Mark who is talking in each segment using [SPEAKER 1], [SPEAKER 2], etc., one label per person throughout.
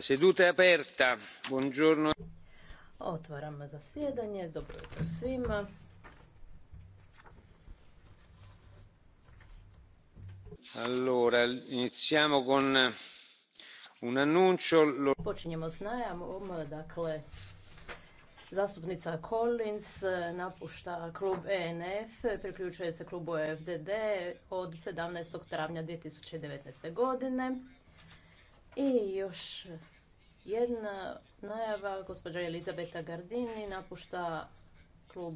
[SPEAKER 1] seduta je aperta. Buongiorno. Otvaram zasjedanje. Dobro jutro svima. Allora, iniziamo con un annuncio. Počinjemo s najavom, dakle, Zastupnica Collins napušta klub ENF, priključuje se klubu e FDD od 17. travnja 2019. godine. I još jedna najava, gospođa Elizabeta Gardini napušta klub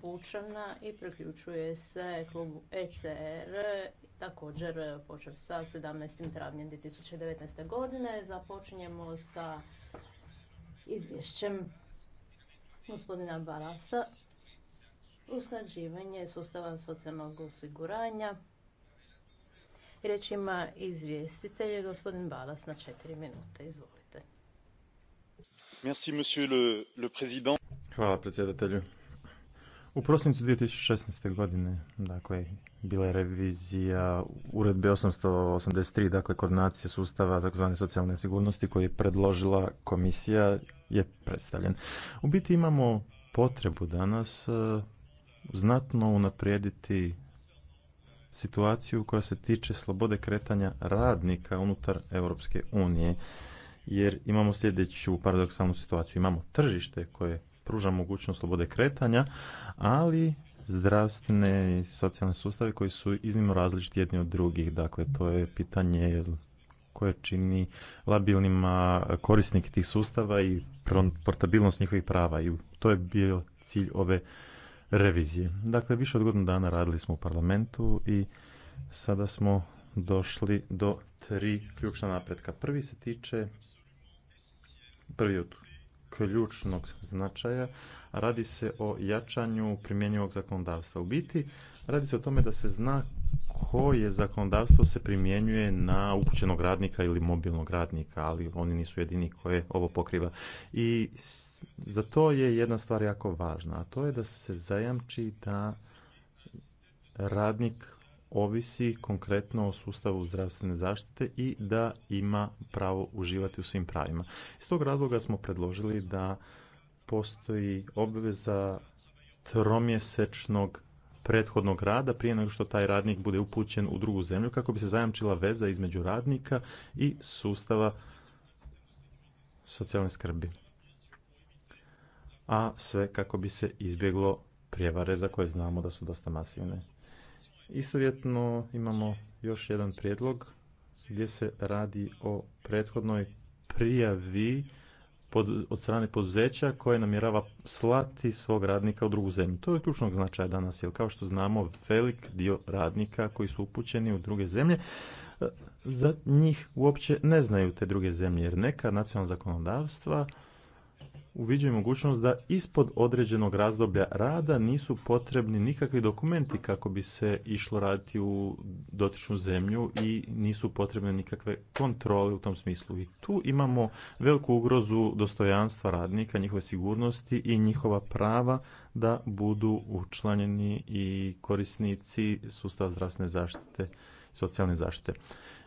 [SPEAKER 1] Pučana i priključuje se klubu ECR, također počev sa 17. travnjem 2019. godine. Započinjemo sa izvješćem gospodina Barasa, usklađivanje sustava socijalnog osiguranja, Riječ ima izvjestitelj, gospodin Balas, na četiri minute. Izvolite.
[SPEAKER 2] Merci, monsieur le, Hvala predsjedatelju. U prosincu 2016. godine, dakle, bila je revizija uredbe 883, dakle, koordinacije sustava tzv. socijalne sigurnosti koju je predložila komisija je predstavljen. U biti imamo potrebu danas eh, znatno unaprijediti situaciju koja se tiče slobode kretanja radnika unutar Europske unije. Jer imamo sljedeću paradoksalnu situaciju. Imamo tržište koje pruža mogućnost slobode kretanja, ali zdravstvene i socijalne sustave koji su iznimno različiti jedni od drugih. Dakle, to je pitanje koje čini labilnima korisnik tih sustava i portabilnost njihovih prava. I to je bio cilj ove revizije. Dakle, više od godinu dana radili smo u parlamentu i sada smo došli do tri ključna napretka. Prvi se tiče, prvi od ključnog značaja. Radi se o jačanju primjenjivog zakonodavstva. U biti radi se o tome da se zna koje zakonodavstvo se primjenjuje na upućenog radnika ili mobilnog radnika, ali oni nisu jedini koje ovo pokriva. I za to je jedna stvar jako važna, a to je da se zajamči da radnik ovisi konkretno o sustavu zdravstvene zaštite i da ima pravo uživati u svim pravima. Iz tog razloga smo predložili da postoji obveza tromjesečnog prethodnog rada prije nego što taj radnik bude upućen u drugu zemlju kako bi se zajamčila veza između radnika i sustava socijalne skrbi. A sve kako bi se izbjeglo prijevare za koje znamo da su dosta masivne. Istovjetno imamo još jedan prijedlog gdje se radi o prethodnoj prijavi pod, od strane poduzeća koje namjerava slati svog radnika u drugu zemlju. To je ključnog značaja danas, jer kao što znamo, velik dio radnika koji su upućeni u druge zemlje, e, za njih uopće ne znaju te druge zemlje, jer neka nacionalna zakonodavstva uviđaju mogućnost da ispod određenog razdoblja rada nisu potrebni nikakvi dokumenti kako bi se išlo raditi u dotičnu zemlju i nisu potrebne nikakve kontrole u tom smislu. I tu imamo veliku ugrozu dostojanstva radnika, njihove sigurnosti i njihova prava da budu učlanjeni i korisnici sustava zdravstvene zaštite, socijalne zaštite.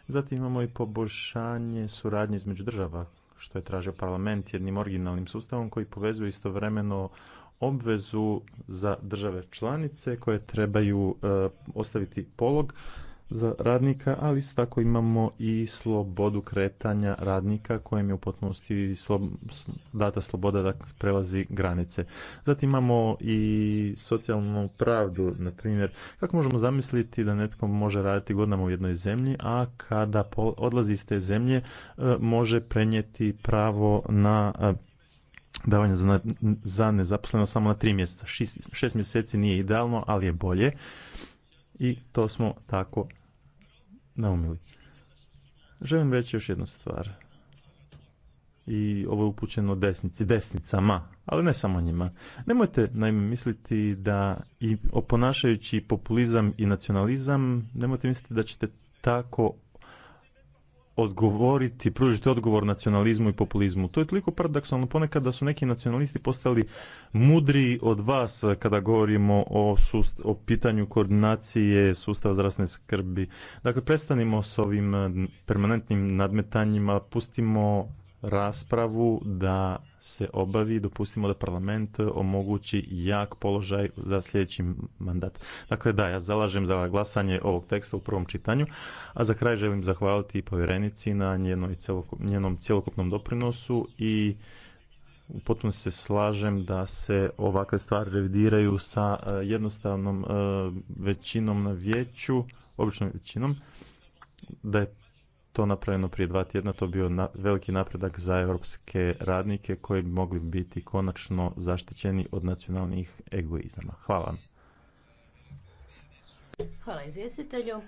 [SPEAKER 2] Zatim imamo i poboljšanje suradnje između država što je tražio parlament jednim originalnim sustavom koji povezuje istovremeno obvezu za države članice koje trebaju e, ostaviti polog za radnika, ali isto tako imamo i slobodu kretanja radnika kojem je u potpunosti data sloboda da prelazi granice. Zatim imamo i socijalnu pravdu, na primjer, kako možemo zamisliti da netko može raditi godinama u jednoj zemlji, a kada odlazi iz te zemlje e, može prenijeti pravo na e, davanje za nezaposleno samo na tri mjeseca. Šest mjeseci nije idealno, ali je bolje i to smo tako naumili. Želim reći još jednu stvar. I ovo je upućeno desnici, desnicama, ali ne samo njima. Nemojte naime misliti da i oponašajući populizam i nacionalizam, nemojte misliti da ćete tako odgovoriti, pružiti odgovor nacionalizmu i populizmu. To je toliko paradoksalno ponekad da su neki nacionalisti postali mudri od vas kada govorimo o, sust o pitanju koordinacije sustava zdravstvene skrbi. Dakle, prestanimo s ovim permanentnim nadmetanjima, pustimo raspravu da se obavi, dopustimo da parlament omogući jak položaj za sljedeći mandat. Dakle, da, ja zalažem za glasanje ovog teksta u prvom čitanju, a za kraj želim zahvaliti povjerenici na njenoj njenom cjelokupnom doprinosu i potpuno se slažem da se ovakve stvari revidiraju sa eh, jednostavnom eh, većinom na vijeću, običnom većinom, da je to napravljeno prije dva tjedna, to bio veliki napredak za europske radnike koji bi mogli biti konačno zaštićeni od nacionalnih egoizama. Hvala vam.
[SPEAKER 1] Hvala izvjestitelju.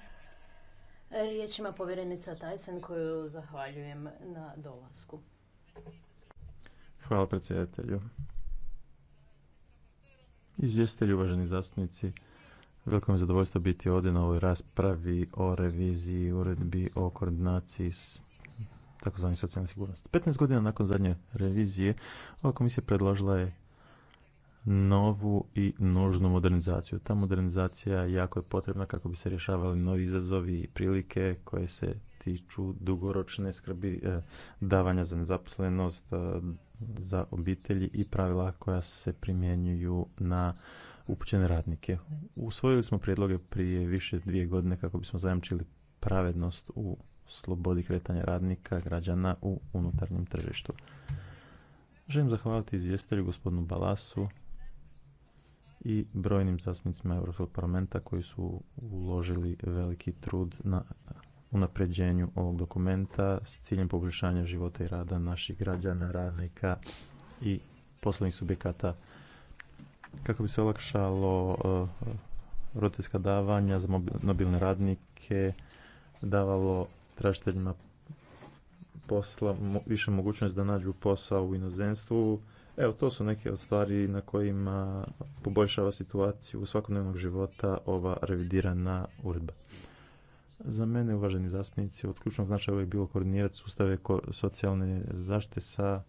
[SPEAKER 1] Riječ ima povjerenica Tyson koju zahvaljujem na dolasku.
[SPEAKER 2] Hvala predsjedatelju. Izvjestitelju, uvaženi zastupnici, Veliko mi zadovoljstvo biti ovdje na ovoj raspravi o reviziji uredbi o koordinaciji s takozvani socijalne sigurnosti. 15 godina nakon zadnje revizije ova komisija predložila je novu i nužnu modernizaciju. Ta modernizacija jako je potrebna kako bi se rješavali novi izazovi i prilike koje se tiču dugoročne skrbi, e, davanja za nezaposlenost, e, za obitelji i pravila koja se primjenjuju na upućene radnike. Usvojili smo prijedloge prije više dvije godine kako bismo zajamčili pravednost u slobodi kretanja radnika, građana u unutarnjem tržištu. Želim zahvaliti izvjestelju gospodinu Balasu i brojnim zastupnicima Europskog parlamenta koji su uložili veliki trud na unapređenju ovog dokumenta s ciljem poboljšanja života i rada naših građana, radnika i poslovnih subjekata kako bi se olakšalo eh, roditeljska davanja za mobilne radnike, davalo tražiteljima posla više mogućnost da nađu posao u inozemstvu. Evo, to su neke od stvari na kojima poboljšava situaciju u svakodnevnog života ova revidirana uredba. Za mene, uvaženi zastupnici, od ključnog značaja je bilo koordinirati sustave socijalne zaštite sa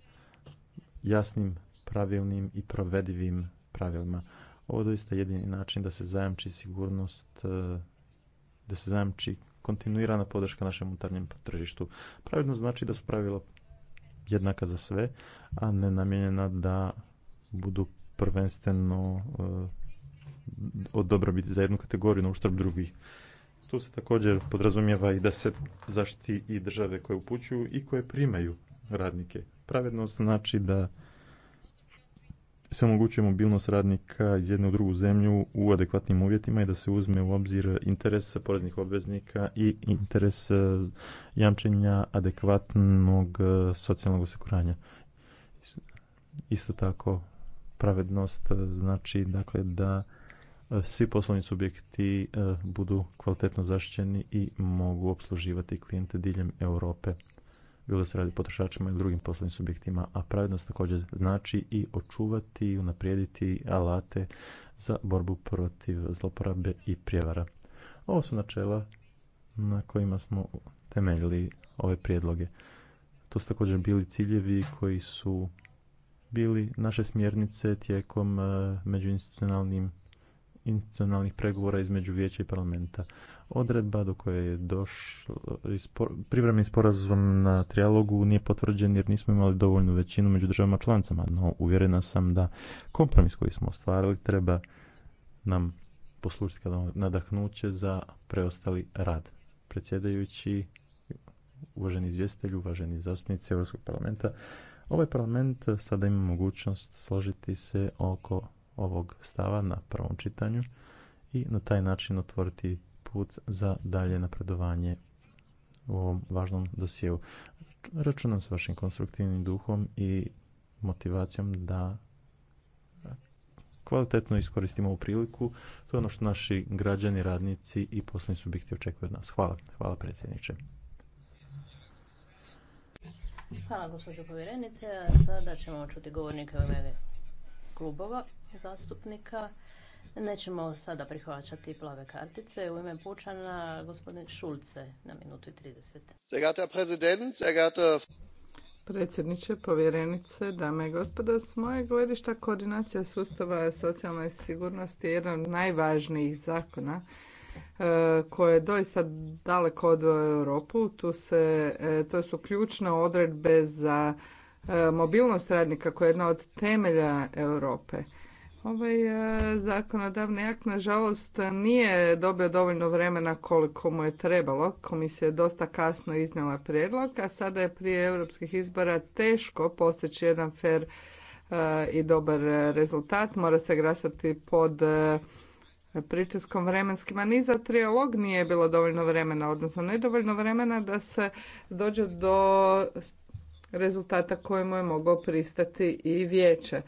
[SPEAKER 2] jasnim, pravilnim i provedivim pravilima. Ovo je doista jedini način da se zajamči sigurnost, e, da se zajamči kontinuirana podrška našem unutarnjem tržištu. Pravilno znači da su pravila jednaka za sve, a ne namijenjena da budu prvenstveno e, od biti za jednu kategoriju na uštrb drugih. Tu se također podrazumijeva i da se zaštiti i države koje upućuju i koje primaju radnike. Pravednost znači da se omogućuje mobilnost radnika iz jedne u drugu zemlju u adekvatnim uvjetima i da se uzme u obzir interes poreznih obveznika i interes e, jamčenja adekvatnog e, socijalnog osiguranja. Isto tako, pravednost e, znači dakle da svi poslovni subjekti budu kvalitetno zaštićeni i mogu obsluživati klijente diljem Europe bilo da se radi potrošačima ili drugim poslovnim subjektima, a pravednost također znači i očuvati i unaprijediti alate za borbu protiv zloporabe i prijevara. Ovo su načela na kojima smo temeljili ove prijedloge. To su također bili ciljevi koji su bili naše smjernice tijekom eh, međuinstitucionalnim institucionalnih pregovora između vijeća i parlamenta. Odredba do koje je došlo, privremeni sporazum na trijalogu nije potvrđen jer nismo imali dovoljnu većinu među državama članicama, no uvjerena sam da kompromis koji smo ostvarili treba nam poslužiti kao nadahnuće za preostali rad. Predsjedajući, uvaženi izvjestitelj, uvaženi zastupnici Europskog parlamenta, ovaj parlament sada ima mogućnost složiti se oko ovog stava na prvom čitanju i na taj način otvoriti put za dalje napredovanje u ovom važnom dosjeu. Računam s vašim konstruktivnim duhom i motivacijom da kvalitetno iskoristimo ovu priliku. To je ono što naši građani, radnici i poslovni subjekti očekuju od nas. Hvala. Hvala predsjedniče.
[SPEAKER 1] Hvala gospođo povjerenice. Sada ćemo čuti govornike ime klubova zastupnika. Nećemo sada prihvaćati plave kartice. U ime Pučana, gospodin Šulce, na minutu i
[SPEAKER 3] 30. Predsjedniče, povjerenice, dame i gospodo, s moje gledišta koordinacija sustava socijalne sigurnosti je jedan od najvažnijih zakona e, koje je doista daleko od Europu. Tu se, e, to su ključne odredbe za e, mobilnost radnika koja je jedna od temelja Europe. Ovaj e, zakonodavni akt, nažalost, nije dobio dovoljno vremena koliko mu je trebalo. Komisija je dosta kasno iznijela prijedlog, a sada je prije europskih izbora teško postići jedan fer e, i dobar rezultat. Mora se grasati pod e, pritiskom vremenskima. ni za trijalog nije bilo dovoljno vremena, odnosno nedovoljno vremena da se dođe do rezultata kojemu je mogao pristati i vijeće.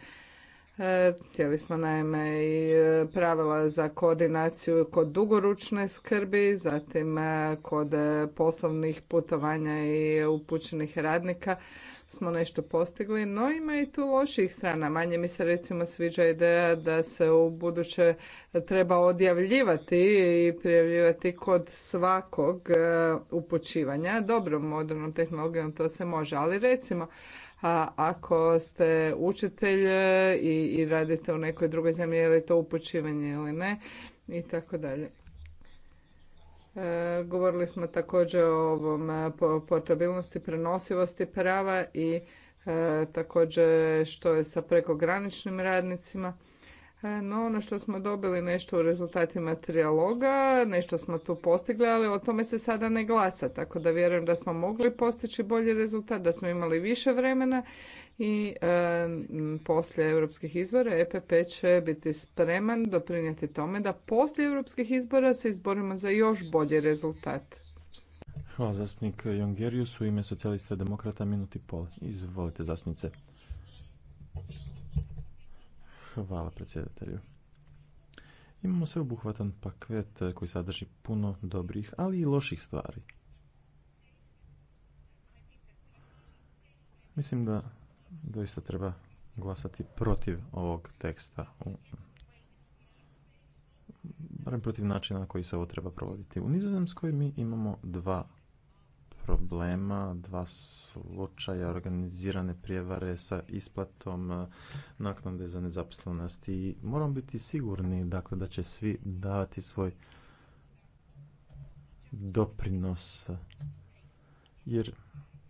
[SPEAKER 3] E, htjeli smo naime i e, pravila za koordinaciju kod dugoručne skrbi, zatim e, kod poslovnih putovanja i upućenih radnika smo nešto postigli, no ima i tu loših strana. Manje mi se recimo sviđa ideja da se u buduće treba odjavljivati i prijavljivati kod svakog upućivanja. Dobro, modernom tehnologijom to se može, ali recimo a ako ste učitelj e, i, i radite u nekoj drugoj zemlji, je li to upućivanje ili ne i tako dalje. E, govorili smo također o ovom e, portabilnosti, prenosivosti prava i također što je sa prekograničnim radnicima. E, no ono što smo dobili nešto u rezultatima trijaloga, nešto smo tu postigli, ali o tome se sada ne glasa, tako da vjerujem da smo mogli postići bolji rezultat, da smo imali više vremena i e, poslije europskih izbora EPP će biti spreman doprinijeti tome da poslije europskih izbora se izborimo za još bolji rezultat.
[SPEAKER 2] Hvala zastupnik Jongerius u ime socijalista demokrata minuti pol. Izvolite zastupnice. Hvala predsjedatelju. Imamo sve obuhvatan paket eh, koji sadrži puno dobrih, ali i loših stvari. Mislim da doista treba glasati protiv ovog teksta. Barem protiv načina na koji se ovo treba provoditi. U Nizozemskoj mi imamo dva problema, dva slučaja organizirane prijevare sa isplatom e, naknade za nezaposlenost i moramo biti sigurni dakle, da će svi davati svoj doprinos jer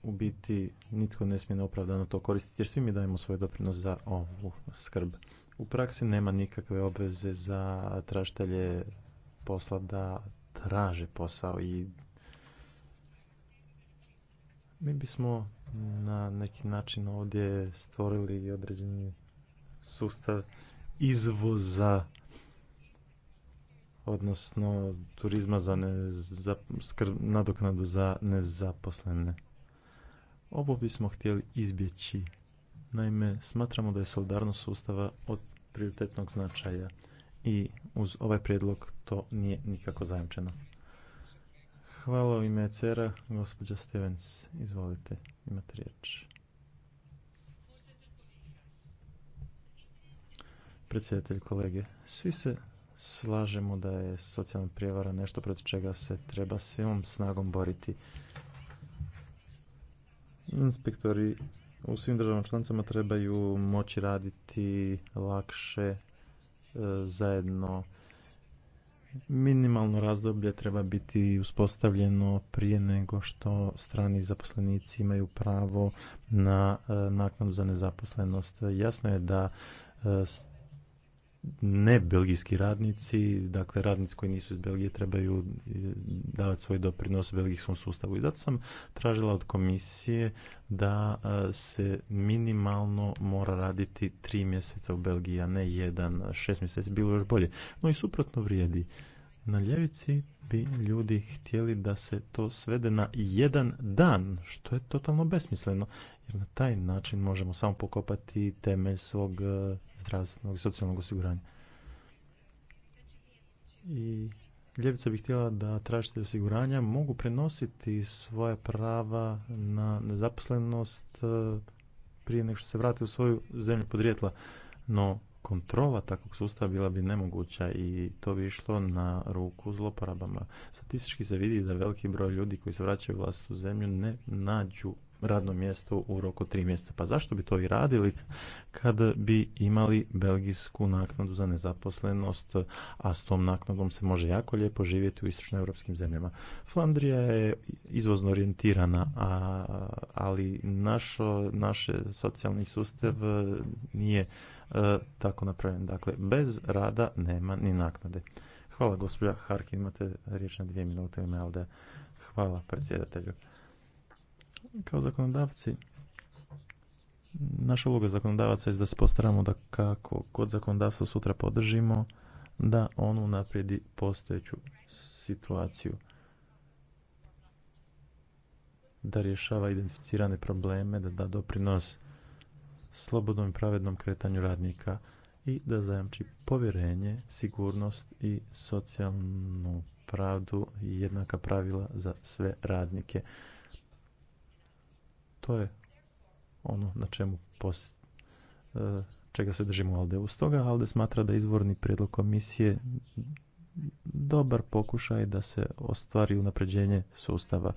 [SPEAKER 2] u biti nitko ne smije neopravdano to koristiti jer svi mi dajemo svoj doprinos za ovu skrb. U praksi nema nikakve obveze za tražitelje posla da traže posao i mi bismo na neki način ovdje stvorili određeni sustav izvoza odnosno turizma za, za nadoknadu za nezaposlene. Ovo bismo htjeli izbjeći. Naime, smatramo da je solidarnost sustava od prioritetnog značaja i uz ovaj prijedlog to nije nikako zajamčeno. Hvala u ime cera, gospođa Stevens. Izvolite, imate riječ. Predsjedatelj kolege, svi se slažemo da je socijalna prijevara nešto protiv čega se treba svim snagom boriti. Inspektori u svim državama članicama trebaju moći raditi lakše e, zajedno minimalno razdoblje treba biti uspostavljeno prije nego što strani zaposlenici imaju pravo na e, naknadu za nezaposlenost. Jasno je da e, ne belgijski radnici, dakle radnici koji nisu iz Belgije trebaju e, davati svoj doprinos belgijskom sustavu. I zato sam tražila od komisije da e, se minimalno mora raditi tri mjeseca u Belgiji, a ne jedan, šest mjeseci, bilo još bolje. No i suprotno vrijedi. Na ljevici bi ljudi htjeli da se to svede na jedan dan, što je totalno besmisleno, jer na taj način možemo samo pokopati temelj svog e, zdravstvenog i socijalnog osiguranja. I Ljevica bi htjela da tražitelji osiguranja mogu prenositi svoja prava na nezaposlenost e, prije nego što se vrate u svoju zemlju podrijetla. No, kontrola takvog sustava bila bi nemoguća i to bi išlo na ruku zloporabama. Statistički se vidi da veliki broj ljudi koji se vraćaju u vlastitu zemlju ne nađu radno mjesto u roku tri mjeseca. Pa zašto bi to i radili kada bi imali belgijsku naknadu za nezaposlenost, a s tom naknadom se može jako lijepo živjeti u europskim zemljama. Flandrija je izvozno orijentirana, ali naš socijalni sustav nije e, tako napravljen. Dakle, bez rada nema ni naknade. Hvala gospođa Harkin, imate riječ na dvije minute u Hvala predsjedatelju kao zakonodavci naša uloga zakonodavaca je da se postaramo da kako kod zakonodavstva sutra podržimo da on unaprijedi postojeću situaciju da rješava identificirane probleme da da doprinos slobodnom i pravednom kretanju radnika i da zajamči povjerenje sigurnost i socijalnu pravdu i jednaka pravila za sve radnike to je ono na čemu e, čega se držimo Alde. Uz toga Alde smatra da izvorni prijedlog komisije dobar pokušaj da se ostvari unapređenje sustava.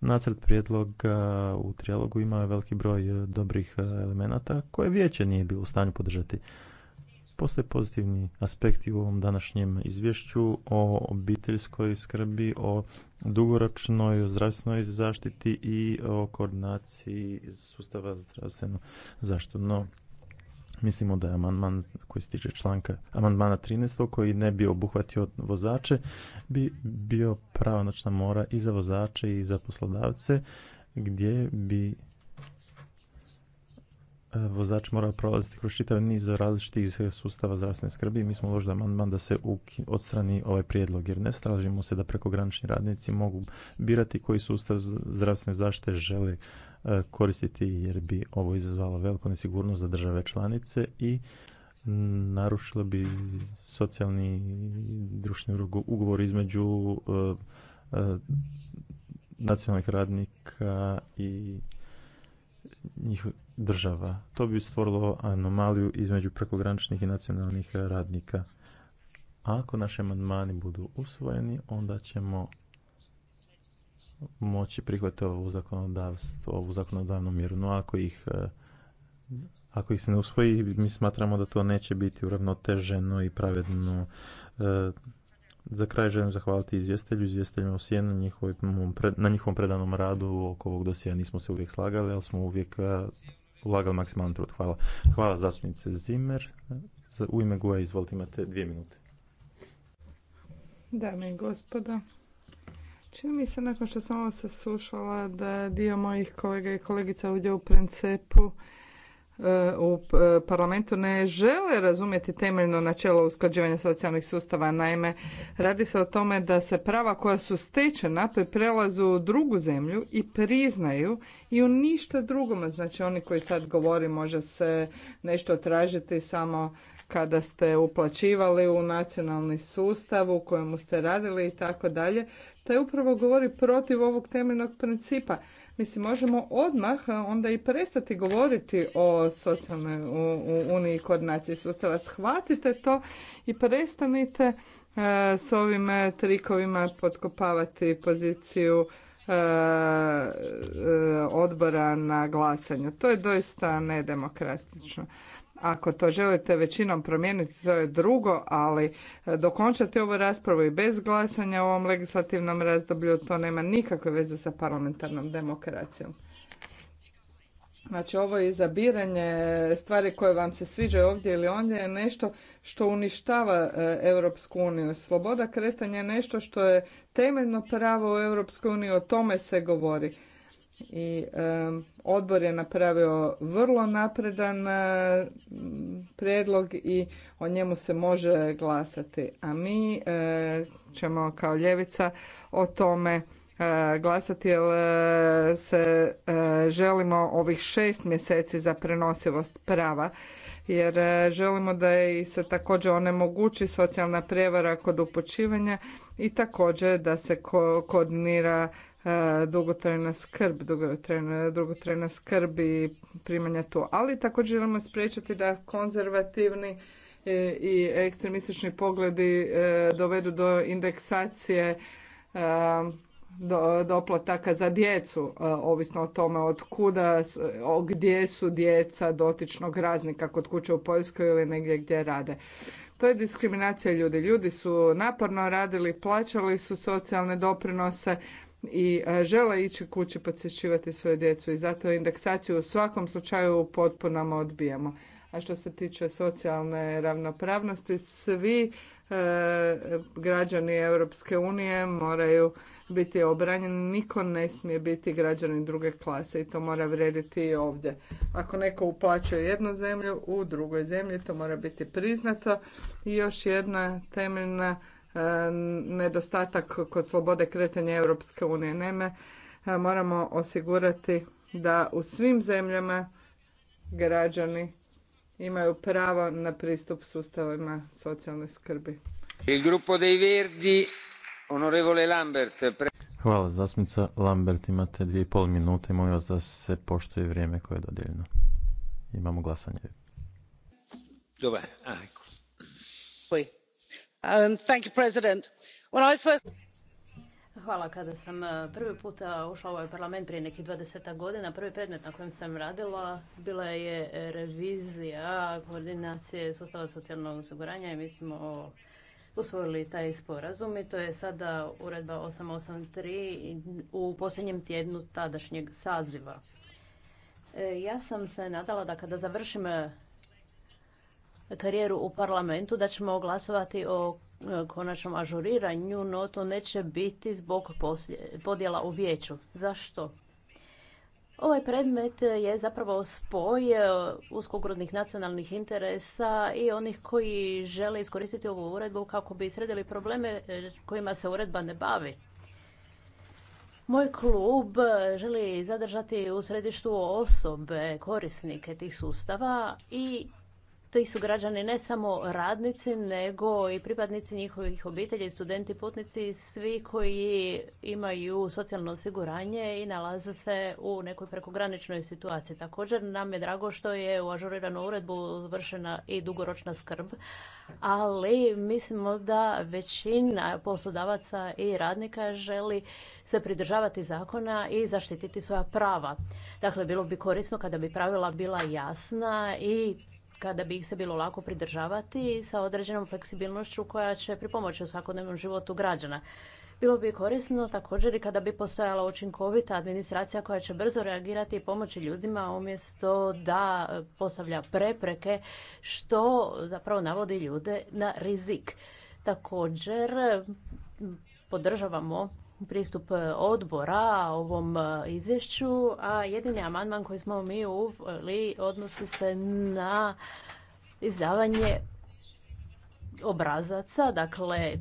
[SPEAKER 2] Nacrt prijedloga u trijalogu ima veliki broj e, dobrih e, elemenata koje vijeće nije bilo u stanju podržati. Postoje pozitivni aspekti u ovom današnjem izvješću o obiteljskoj skrbi, o dugoročnoj zdravstvenoj zaštiti i o koordinaciji sustava zdravstveno zaštitu. No, mislimo da je amandman koji se tiče članka amandmana 13. koji ne bi obuhvatio vozače bi bio pravonoćna mora i za vozače i za poslodavce gdje bi E, vozač mora prolaziti kroz čitav niz različitih sustava zdravstvene skrbi. Mi smo uložili amandman da se odstrani ovaj prijedlog jer ne stražimo se da prekogranični radnici mogu birati koji sustav zdravstvene zaštite žele e, koristiti jer bi ovo izazvalo veliku nesigurnost za države članice i narušilo bi socijalni društveni ugovor između e, nacionalnih radnika i njihov država. To bi stvorilo anomaliju između prekograničnih i nacionalnih radnika. A ako naše amandmani budu usvojeni, onda ćemo moći prihvatiti ovu zakonodavstvo, ovu zakonodavnu mjeru. No ako ih, e, ako ih se ne usvoji, mi smatramo da to neće biti uravnoteženo i pravedno. E, za kraj želim zahvaliti izvjestelju, izvjesteljima u Sijenu, na njihovom predanom radu oko ovog dosija nismo se uvijek slagali, ali smo uvijek e, ulagali maksimalan trud. Hvala. Hvala zastupnice Zimer. U ime Guja izvolite imate dvije minute.
[SPEAKER 3] Dame i gospodo, čini mi se nakon što sam ovo saslušala da dio mojih kolega i kolegica ovdje u principu u e, parlamentu ne žele razumjeti temeljno načelo usklađivanja socijalnih sustava. Naime, radi se o tome da se prava koja su stečena pri prelazu u drugu zemlju i priznaju i u ništa drugome. Znači oni koji sad govori može se nešto tražiti samo kada ste uplaćivali u nacionalni sustav u kojemu ste radili i tako dalje, taj upravo govori protiv ovog temeljnog principa. Mislim, možemo odmah onda i prestati govoriti o socijalnoj uniji i koordinaciji sustava. Shvatite to i prestanite s ovim trikovima potkopavati poziciju odbora na glasanju. To je doista nedemokratično. Ako to želite većinom promijeniti, to je drugo, ali e, dokončati ovu raspravu i bez glasanja u ovom legislativnom razdoblju, to nema nikakve veze sa parlamentarnom demokracijom. Znači ovo izabiranje stvari koje vam se sviđaju ovdje ili ondje je nešto što uništava e, Europsku uniju. Sloboda kretanja je nešto što je temeljno pravo u Europskoj uniji, o tome se govori i odbor je napravio vrlo napredan e, predlog i o njemu se može glasati. A mi e, ćemo kao ljevica o tome e, glasati jer se želimo ovih šest mjeseci za prenosivost prava jer želimo da i se također onemogući socijalna prevara kod upočivanja i također da se ko koordinira E, dugotrajna skrb, dugotrajna, dugotrajna skrb i primanja to. Ali također želimo spriječiti da konzervativni e, i ekstremistični pogledi e, dovedu do indeksacije do, doplataka za djecu, ovisno o tome od kuda, gdje su djeca dotičnog raznika, kod kuće u Poljskoj ili negdje gdje rade. To je diskriminacija ljudi. Ljudi su naporno radili, plaćali su socijalne doprinose, i e, žele ići kući podsjećivati svoje djecu i zato indeksaciju u svakom slučaju u potpunama odbijamo. A što se tiče socijalne ravnopravnosti, svi e, građani Europske unije moraju biti obranjeni. Niko ne smije biti građanin druge klase i to mora vrediti i ovdje. Ako neko uplaćuje jednu zemlju u drugoj zemlji, to mora biti priznato. I još jedna temeljna E, nedostatak kod slobode kretanja Europske unije. Naime, e, moramo osigurati da u svim zemljama građani imaju pravo na pristup sustavima socijalne skrbi. Il gruppo dei Verdi,
[SPEAKER 1] onorevole Lambert. Pre...
[SPEAKER 2] Hvala, Zasmica. Lambert, imate dvije i pol minute i molim vas da se poštuje vrijeme koje je dodijeljeno. Imamo glasanje.
[SPEAKER 4] Dobar, gospođo um, predsjednice
[SPEAKER 1] Hvala. Kada sam uh, prvi puta ušla u ovaj parlament prije nekih dvadesetak godina, prvi predmet na kojem sam radila bila je e, revizija koordinacije sustava socijalnog osiguranja i mi smo usvojili taj sporazum i to je sada uredba 883 u posljednjem tjednu tadašnjeg saziva. E, ja sam se nadala da kada završim karijeru u parlamentu da ćemo glasovati o e, konačnom ažuriranju, no to neće biti zbog podjela u vijeću. Zašto? Ovaj predmet je zapravo spoj e, uskogrudnih nacionalnih interesa i onih koji žele iskoristiti ovu uredbu kako bi sredili probleme e, kojima se uredba ne bavi. Moj klub želi zadržati u središtu osobe, korisnike tih sustava i ti su građani ne samo radnici, nego i pripadnici njihovih obitelji, studenti, putnici, svi koji imaju socijalno osiguranje i nalaze se u nekoj prekograničnoj situaciji. Također nam je drago što je u ažuriranu uredbu vršena i dugoročna skrb, ali mislimo da većina poslodavaca i radnika želi se pridržavati zakona i zaštititi svoja prava. Dakle, bilo bi korisno kada bi pravila bila jasna i kada bi ih se bilo lako pridržavati sa određenom fleksibilnošću koja će pripomoći u svakodnevnom životu građana. Bilo bi korisno također i kada bi postojala učinkovita administracija koja će brzo reagirati i pomoći ljudima umjesto da postavlja prepreke što zapravo navodi ljude na rizik. Također podržavamo pristup e, odbora ovom e, izvješću, a jedini amandman koji smo mi uveli odnosi se na izdavanje obrazaca, dakle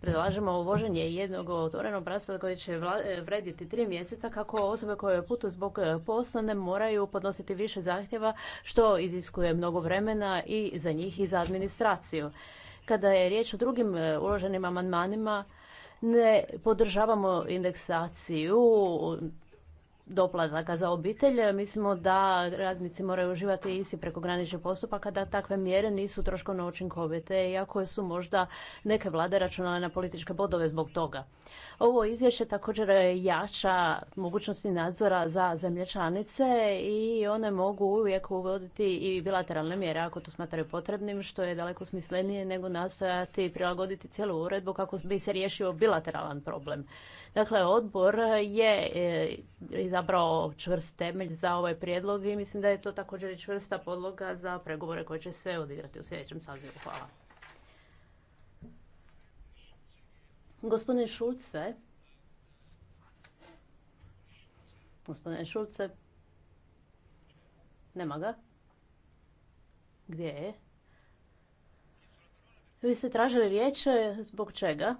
[SPEAKER 1] predlažemo uvoženje jednog otvorenog obrazaca koji će e, vrediti tri mjeseca kako osobe koje putu zbog poslane moraju podnositi više zahtjeva što iziskuje mnogo vremena i za njih i za administraciju. Kada je riječ o drugim uloženim amandmanima, ne podržavamo indeksaciju doplataka za obitelj. Mislimo da radnici moraju uživati isti prekogranični postupaka da takve mjere nisu troškovno učinkovite, iako su možda neke vlade računale na političke bodove zbog toga. Ovo izvješće također jača mogućnosti nadzora za zemlje članice i one mogu uvijek uvoditi i bilateralne mjere ako to smatraju potrebnim, što je daleko smislenije nego nastojati prilagoditi cijelu uredbu kako bi se riješio bilateralan problem. Dakle, odbor je e, izabrao čvrst temelj za ovaj prijedlog i mislim da je to također i čvrsta podloga za pregovore koje će se odigrati u sljedećem sazivu. Hvala. Gospodine Šulce, gospodine Šulce, nema ga. Gdje je? Vi ste tražili riječ, e, zbog čega?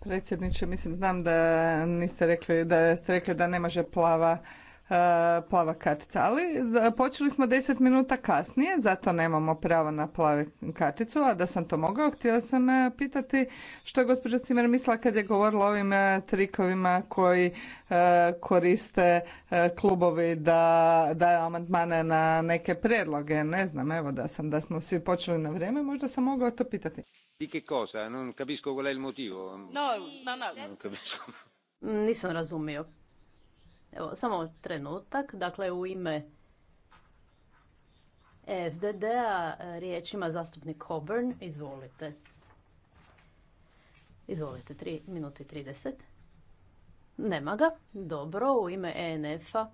[SPEAKER 1] Predsjedniče, mislim znam da
[SPEAKER 3] niste rekli da ste rekli da ne može plava e, plava kartica, ali počeli smo deset minuta kasnije, zato nemamo pravo na plavu karticu, a da sam to mogao, htjela sam e, pitati što je gospođa Cimer mislila kad je govorila o ovim e, trikovima koji koriste klubovi da daju amandmane na neke predloge, ne znam, evo da sam, da smo svi počeli na vrijeme, možda sam mogao to
[SPEAKER 1] pitati. Di che cosa? Non capisco qual è il motivo. No, no, no. Non capisco. Mm, nisam razumio. Evo, samo trenutak. Dakle, u ime FDD-a e, riječ ima zastupnik Coburn. Izvolite. Izvolite, 3 minuti 30. Nema ga. Dobro, u ime ENF-a.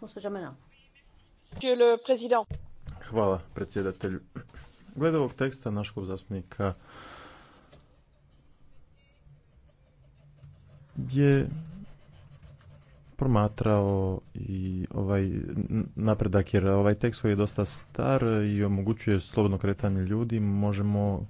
[SPEAKER 1] Gospođa Mena.
[SPEAKER 2] Hvala, predsjedatelju. Glede ovog teksta naškog zastupnika je promatrao i ovaj napredak jer ovaj tekst koji je dosta star i omogućuje slobodno kretanje ljudi možemo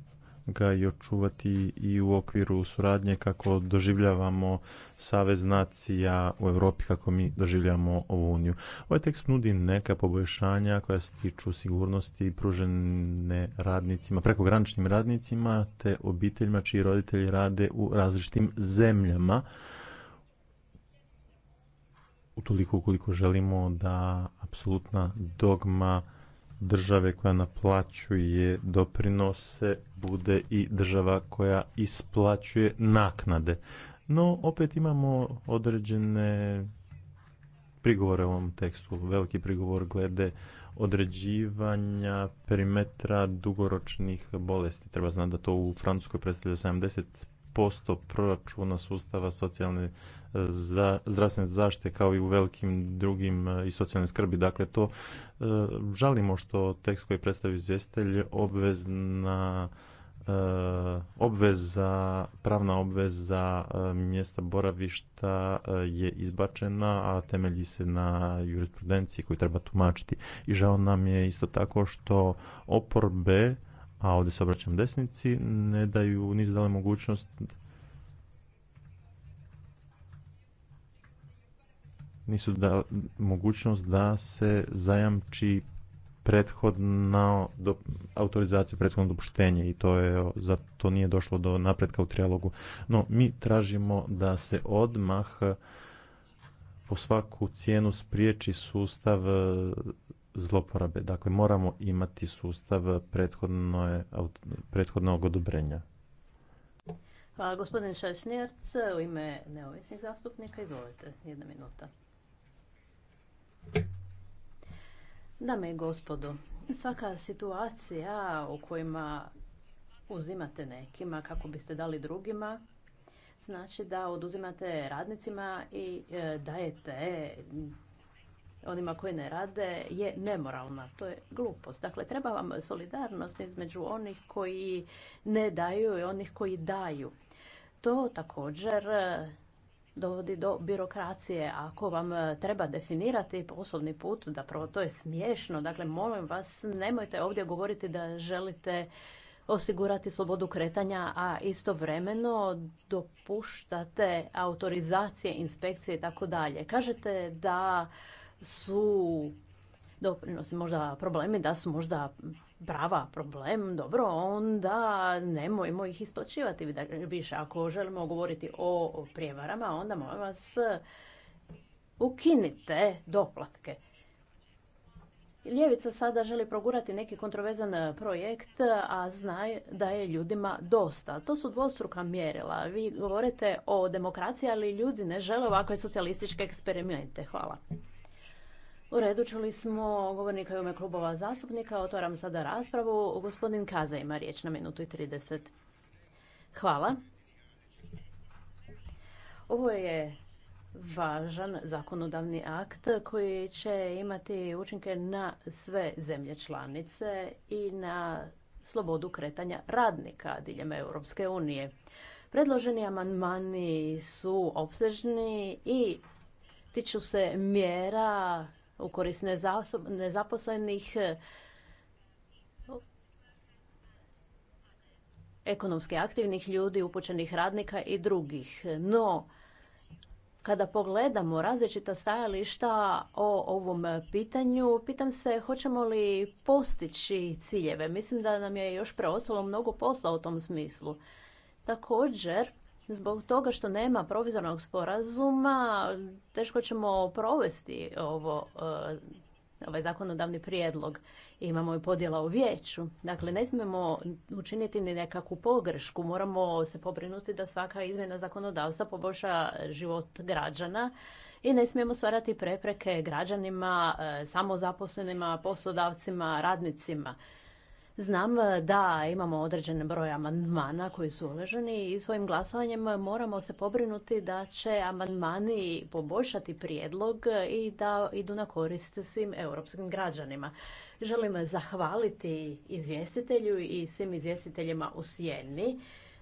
[SPEAKER 2] ga i očuvati i u okviru suradnje kako doživljavamo savez nacija u Europi kako mi doživljavamo ovu uniju. Ovaj tekst nudi neka poboljšanja koja se tiču sigurnosti pružene radnicima, prekograničnim radnicima te obiteljima čiji roditelji rade u različitim zemljama utoliko ukoliko želimo da apsolutna dogma države koja naplaćuje doprinose bude i država koja isplaćuje naknade. No, opet imamo određene prigovore u ovom tekstu, veliki prigovor glede određivanja perimetra dugoročnih bolesti. Treba znati da to u Francuskoj predstavlja 70 posto proračuna sustava socijalne e, za, zdravstvene zaštite kao i u velikim drugim e, i socijalne skrbi. Dakle, to e, žalimo što tekst koji predstavio izvjestitelj obvezna obveza, pravna obveza mjesta boravišta je izbačena, a temelji se na jurisprudenciji koju treba tumačiti. I žao nam je isto tako što oporbe a ovdje se obraćam desnici, ne daju, nisu dale mogućnost nisu da, mogućnost da se zajamči prethodna do, autorizacija, prethodno dopuštenje i to je, to nije došlo do napretka u trijalogu. No, mi tražimo da se odmah po svaku cijenu spriječi sustav zloporabe. Dakle, moramo imati sustav prethodnog odobrenja.
[SPEAKER 1] Hvala, gospodin Šešnjerc. U ime neovisnih zastupnika, izvolite, jedna minuta. Dame i gospodo, svaka situacija u kojima uzimate nekima kako biste dali drugima, znači da oduzimate radnicima i e, dajete onima koji ne rade je nemoralna. To je glupost. Dakle, treba vam solidarnost između onih koji ne daju i onih koji daju. To također e, dovodi do birokracije. Ako vam e, treba definirati poslovni put, da zapravo to je smiješno. Dakle, molim vas, nemojte ovdje govoriti da želite osigurati slobodu kretanja, a istovremeno dopuštate autorizacije, inspekcije i tako dalje. Kažete da su doprinosi možda problemi, da su možda prava problem, dobro, onda nemojmo ih isplaćivati više. Ako želimo govoriti o prijevarama, onda molim vas ukinite doplatke. Ljevica sada želi progurati neki kontrovezan projekt, a zna da je ljudima dosta. To su dvostruka mjerila. Vi govorite o demokraciji, ali ljudi ne žele ovakve socijalističke eksperimente. Hvala. U redu čuli smo govornika u ime klubova zastupnika. Otvaram sada raspravu. Gospodin Kaza ima riječ na minutu i 30. Hvala. Ovo je važan zakonodavni akt koji će imati učinke na sve zemlje članice i na slobodu kretanja radnika diljem Europske unije. Predloženi amandmani su opsežni i tiču se mjera u korist nezaposlenih, e, ekonomski aktivnih ljudi, upućenih radnika i drugih. No, kada pogledamo različita stajališta o ovom pitanju, pitam se hoćemo li postići ciljeve. Mislim da nam je još preostalo mnogo posla u tom smislu. Također, Zbog toga što nema provizornog sporazuma, teško ćemo provesti ovo, e, ovaj zakonodavni prijedlog. Imamo i podjela u vijeću. Dakle, ne smijemo učiniti ni nekakvu pogrešku. Moramo se pobrinuti da svaka izmjena zakonodavstva poboljša život građana i ne smijemo stvarati prepreke građanima, e, samozaposlenima, poslodavcima, radnicima. Znam e, da imamo određen broj amandmana koji su uloženi i svojim glasovanjem moramo se pobrinuti da će amandmani poboljšati prijedlog i da idu na korist svim europskim građanima. Želim zahvaliti izvjestitelju i svim izvjestiteljima u Sjeni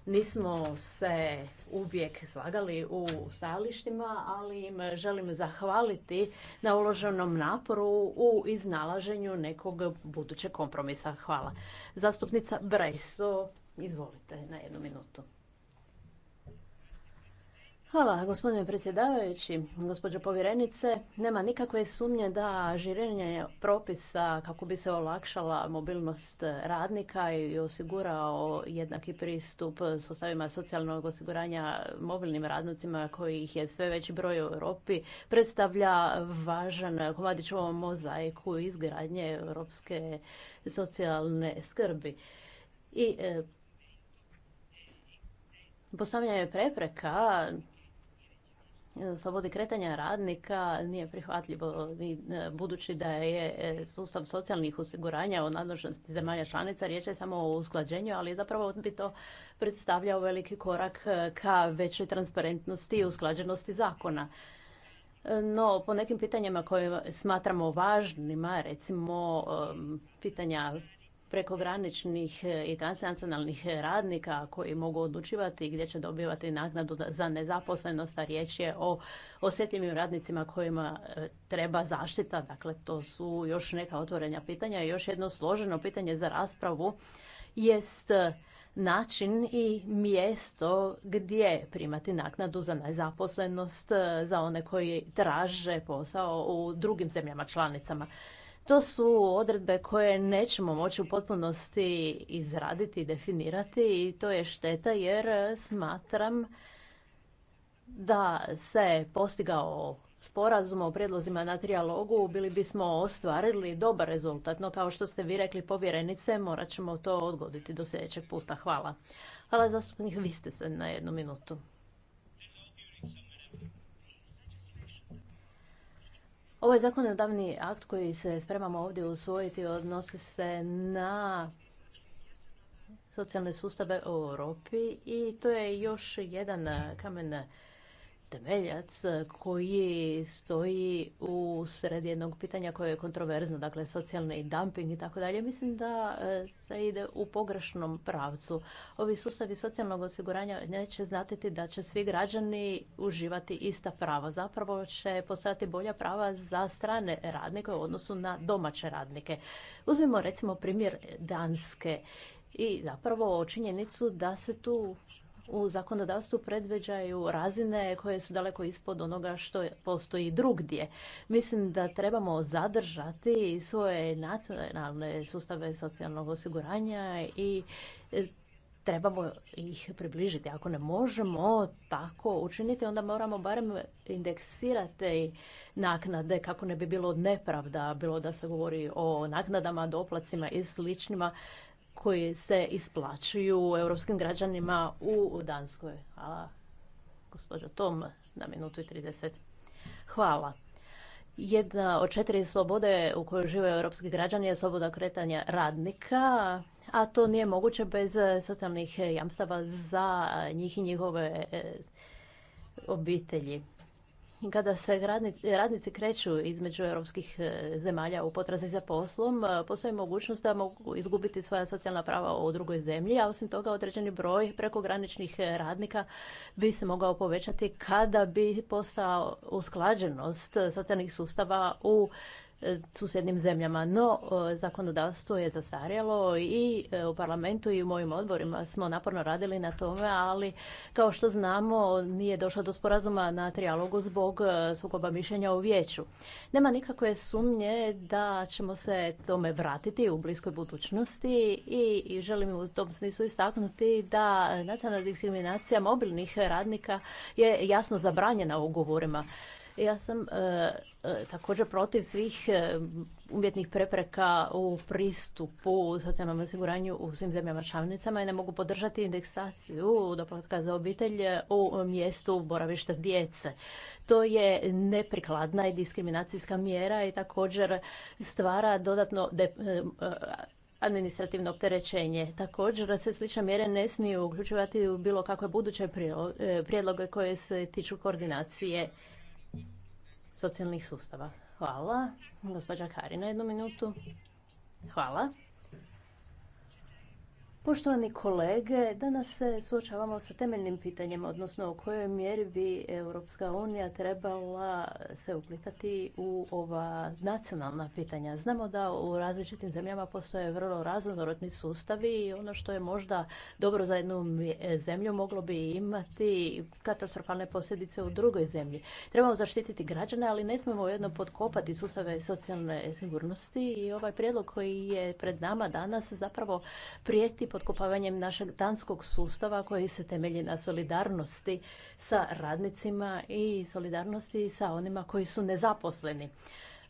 [SPEAKER 1] Nismo se uvijek slagali u stajalištima, ali im želim zahvaliti na uloženom naporu u iznalaženju nekog budućeg kompromisa. Hvala. Zastupnica Brejso, izvolite na jednu minutu. Hvala, gospodine predsjedavajući, gospođo povjerenice. Nema nikakve sumnje da žirenje propisa kako bi se olakšala mobilnost radnika i osigurao jednaki pristup sustavima socijalnog osiguranja mobilnim radnicima kojih je sve veći broj u Europi predstavlja važan komadić ovom mozaiku izgradnje europske socijalne skrbi. I e, postavljanje prepreka slobodi kretanja radnika nije prihvatljivo e, budući da je e, sustav socijalnih osiguranja u nadležnosti zemalja članica riječ je samo o usklađenju, ali zapravo bi to predstavljao veliki korak e, ka većoj transparentnosti i usklađenosti zakona. No, po nekim pitanjima koje smatramo važnima, recimo pitanja prekograničnih e, i transnacionalnih e, radnika koji mogu odlučivati gdje će dobivati naknadu za nezaposlenost, a riječ je o osjetljivim radnicima kojima e, treba zaštita. Dakle, to su još neka otvorenja pitanja. I još jedno složeno pitanje za raspravu jest način i mjesto gdje primati naknadu za nezaposlenost za one koji traže posao u drugim zemljama članicama. To su odredbe koje nećemo moći u potpunosti izraditi i definirati i to je šteta jer smatram da se postigao sporazum o prijedlozima na trijalogu bili bismo ostvarili dobar rezultat, no kao što ste vi rekli povjerenice morat ćemo to odgoditi do sljedećeg puta. Hvala. Hvala zastupnik, vi ste se na jednu minutu. Ovaj zakonodavni akt koji se spremamo ovdje usvojiti odnosi se na socijalne sustave u Europi i to je još jedan kamen temeljac e, koji stoji u sred jednog pitanja koje je kontroverzno, dakle socijalni dumping i tako dalje. Mislim da e, se ide u pogrešnom pravcu. Ovi sustavi socijalnog osiguranja neće znatiti da će svi građani uživati ista prava. Zapravo će postojati bolja prava za strane radnike u odnosu na domaće radnike. Uzmimo recimo primjer Danske i zapravo činjenicu da se tu u zakonodavstvu predviđaju razine koje su daleko ispod onoga što postoji drugdje. Mislim da trebamo zadržati svoje nacionalne sustave socijalnog osiguranja i e, trebamo ih približiti. Ako ne možemo tako učiniti, onda moramo barem indeksirati naknade kako ne bi bilo nepravda, bilo da se govori o naknadama, doplacima i sličnima koji se isplaćuju europskim građanima u Danskoj. Hvala, gospođo Tom, na minutu i 30. Hvala. Jedna od četiri slobode u kojoj žive europski građani je sloboda kretanja radnika, a to nije moguće bez socijalnih jamstava za njih i njihove e, obitelji. Kada se radnici kreću između europskih e, zemalja u potrazi za poslom, e, postoji mogućnost da mogu izgubiti svoja socijalna prava u drugoj zemlji, a osim toga određeni broj prekograničnih e, radnika bi se mogao povećati kada bi postao usklađenost socijalnih sustava u susjednim zemljama. No, e, zakonodavstvo je zastarjelo i e, u parlamentu i u mojim odborima smo naporno radili na tome, ali kao što znamo nije došlo do sporazuma na trijalogu zbog e, sukoba mišljenja u vijeću. Nema nikakve sumnje da ćemo se tome vratiti u bliskoj budućnosti i, želim u tom smislu istaknuti da nacionalna diskriminacija mobilnih radnika je jasno zabranjena u ugovorima. Ja sam e, e, također protiv svih e, umjetnih prepreka u pristupu socijalnom osiguranju u svim zemljama članicama i ne mogu podržati indeksaciju doplatka za obitelj u mjestu boravišta djece. To je neprikladna i diskriminacijska mjera i također stvara dodatno administrativno opterećenje. Također da se slične mjere ne smiju uključivati u bilo kakve buduće prijedloge koje se tiču koordinacije socijalnih sustava. Hvala. Gospođa Karina, jednu minutu. Hvala. Poštovani kolege, danas se suočavamo sa temeljnim pitanjem, odnosno u kojoj mjeri bi Europska unija trebala se uplitati u ova nacionalna pitanja. Znamo da u različitim zemljama postoje vrlo raznorodni sustavi i ono što je možda dobro za jednu zemlju moglo bi imati katastrofalne posljedice u drugoj zemlji. Trebamo zaštititi građane, ali ne smemo jedno podkopati sustave socijalne sigurnosti i ovaj prijedlog koji je pred nama danas zapravo prijeti potkopavanjem našeg danskog sustava koji se temelji na solidarnosti sa radnicima i solidarnosti sa onima koji su nezaposleni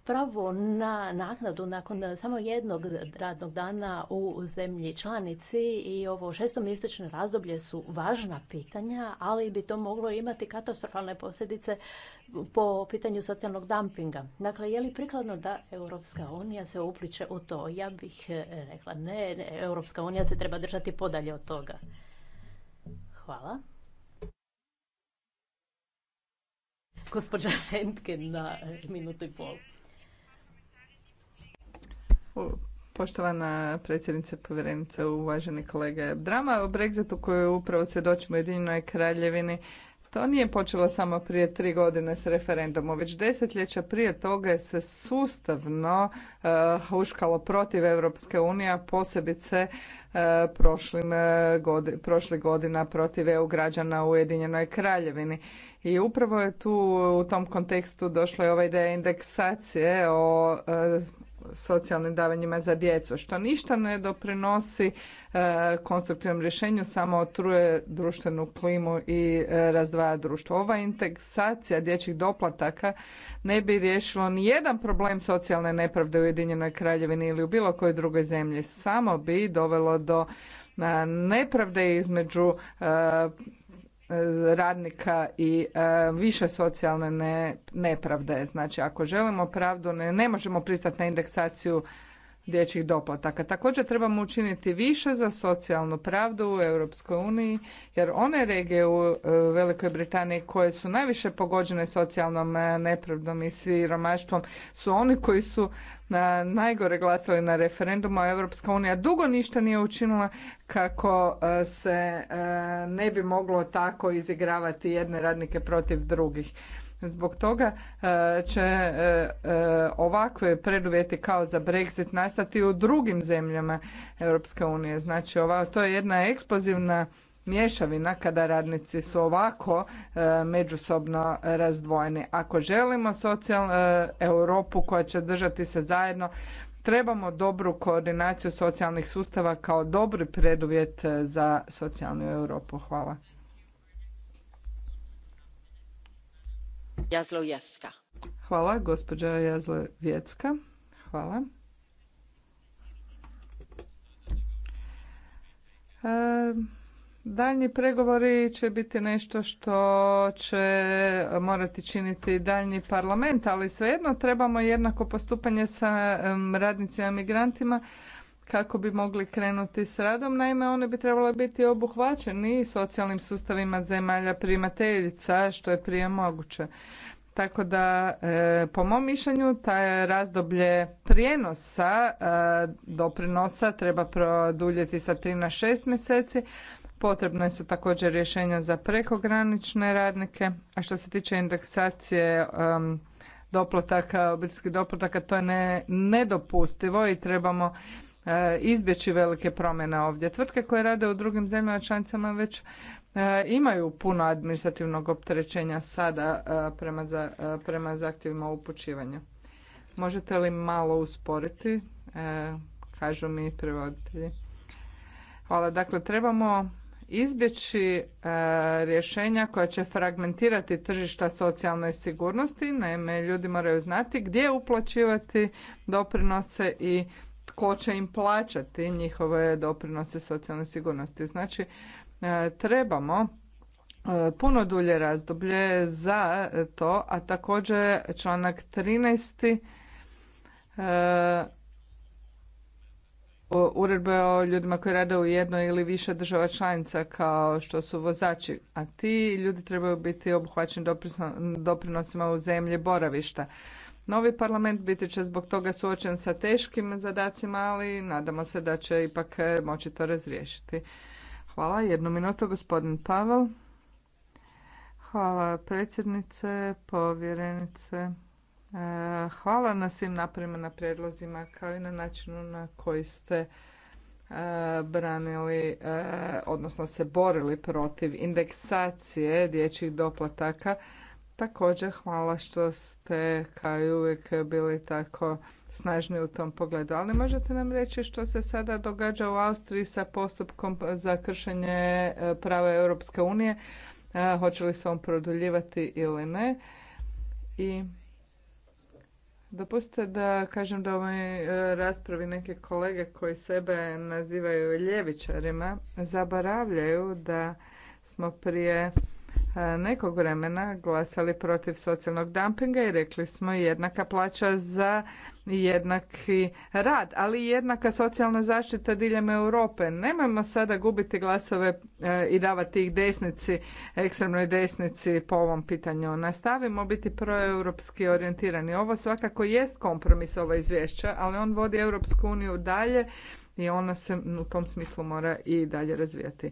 [SPEAKER 1] pravo na naknadu nakon samo jednog radnog dana u zemlji članici i ovo šestomjesečno razdoblje su važna pitanja, ali bi to moglo imati katastrofalne posljedice po pitanju socijalnog dumpinga. Dakle, je li prikladno da Europska unija se upliče u to? Ja bih eh, rekla ne, Europska unija se treba držati podalje od toga. Hvala. Gospođa Hentke na minutu i pol.
[SPEAKER 3] Poštovana predsjednice povjerenice, uvaženi kolege. Drama o Brexitu koju upravo svjedočimo u Jedinjenoj kraljevini to nije počelo samo prije tri godine s referendumom, već desetljeća prije toga je se sustavno uh, huškalo protiv Europske unije, a posebice eh, eh, prošlih godina protiv EU građana u Ujedinjenoj kraljevini. I upravo je tu u tom kontekstu došla i ova ideja indeksacije o socijalnim davanjima za djecu, što ništa ne doprinosi e, konstruktivnom rješenju, samo otruje društvenu klimu i e, razdvaja društvo. Ova indeksacija dječjih doplataka ne bi riješilo ni jedan problem socijalne nepravde u Ujedinjenoj kraljevini ili u bilo kojoj drugoj zemlji. Samo bi dovelo do e, nepravde između radnika i e, više socijalne nepravde. Znači, ako želimo pravdu, ne, ne možemo pristati na indeksaciju dječjih doplataka. Također trebamo učiniti više za socijalnu pravdu u Europskoj uniji, jer one regije u e, Velikoj Britaniji koje su najviše pogođene socijalnom e, nepravdom i siromaštvom su oni koji su e, najgore glasali na referendumu, a Europska unija dugo ništa nije učinila kako se ne bi moglo tako izigravati jedne radnike protiv drugih. Zbog toga e, će e, e, ovakve preduvjeti kao za Brexit nastati u drugim zemljama Europske unije. Znači, ova, to je jedna eksplozivna mješavina kada radnici su ovako međusobno razdvojeni. Ako želimo socijalnu Europu koja će držati se zajedno, trebamo dobru koordinaciju socijalnih sustava kao dobri preduvjet za socijalnu Europu. Hvala. Hvala, gospođa Jazlojevska. Hvala. E, daljnji pregovori će biti nešto što će morati činiti daljnji parlament, ali svejedno trebamo jednako postupanje sa radnicima migrantima, kako bi mogli krenuti s radom. Naime, one bi trebale biti obuhvaćeni socijalnim sustavima zemalja primateljica što je prije moguće. Tako da, e, po mom mišljenju, taj razdoblje prijenosa e, doprinosa treba produljiti sa 3 na 6 mjeseci. Potrebne su također rješenja za prekogranične radnike. A što se tiče indeksacije doplataka, obiteljskih doplataka, to je ne, nedopustivo i trebamo E, izbjeći velike promjene ovdje. Tvrtke koje rade u drugim zemljama članicama već e, imaju puno administrativnog opterećenja sada e, prema, za, prema zahtjevima upućivanja. Možete li malo usporiti? Kažu mi prevoditelji. Hvala. Dakle, trebamo izbjeći rješenja koja će fragmentirati tržišta socijalne sigurnosti. Naime, ljudi moraju znati gdje uplaćivati doprinose i tko će im plaćati njihove doprinose socijalne sigurnosti. Znači, e, trebamo e, puno dulje razdoblje za to, a također članak 13. E, uredbe o ljudima koji rade u jednoj ili više država članica kao što su vozači, a ti ljudi trebaju biti obuhvaćeni doprinosima u zemlji boravišta. Novi parlament biti će zbog toga suočen sa teškim zadacima, ali nadamo se da će ipak e, moći to razriješiti. Hvala. Jednu minutu, gospodin Pavel. Hvala predsjednice, povjerenice. E, hvala na svim napravima na predlozima kao i na načinu na koji ste e, branili, odnosno se borili protiv indeksacije dječjih doplataka Također hvala što ste kao i uvijek bili tako snažni u tom pogledu. Ali možete nam reći što se sada događa u Austriji sa postupkom za kršenje e, prava Europske unije? E, hoće li se on produljivati ili ne? I Dopustite da kažem da u ovoj e, raspravi neke kolege koji sebe nazivaju ljevičarima zaboravljaju da smo prije E, nekog vremena glasali protiv socijalnog dumpinga i rekli smo jednaka plaća za jednaki rad, ali i jednaka socijalna zaštita diljem Europe. Nemojmo sada gubiti glasove e, i davati ih desnici, ekstremnoj desnici po ovom pitanju. Nastavimo biti proeuropski orijentirani. Ovo svakako jest kompromis ova izvješća, ali on vodi Europsku uniju dalje i ona se u tom smislu mora i dalje razvijati.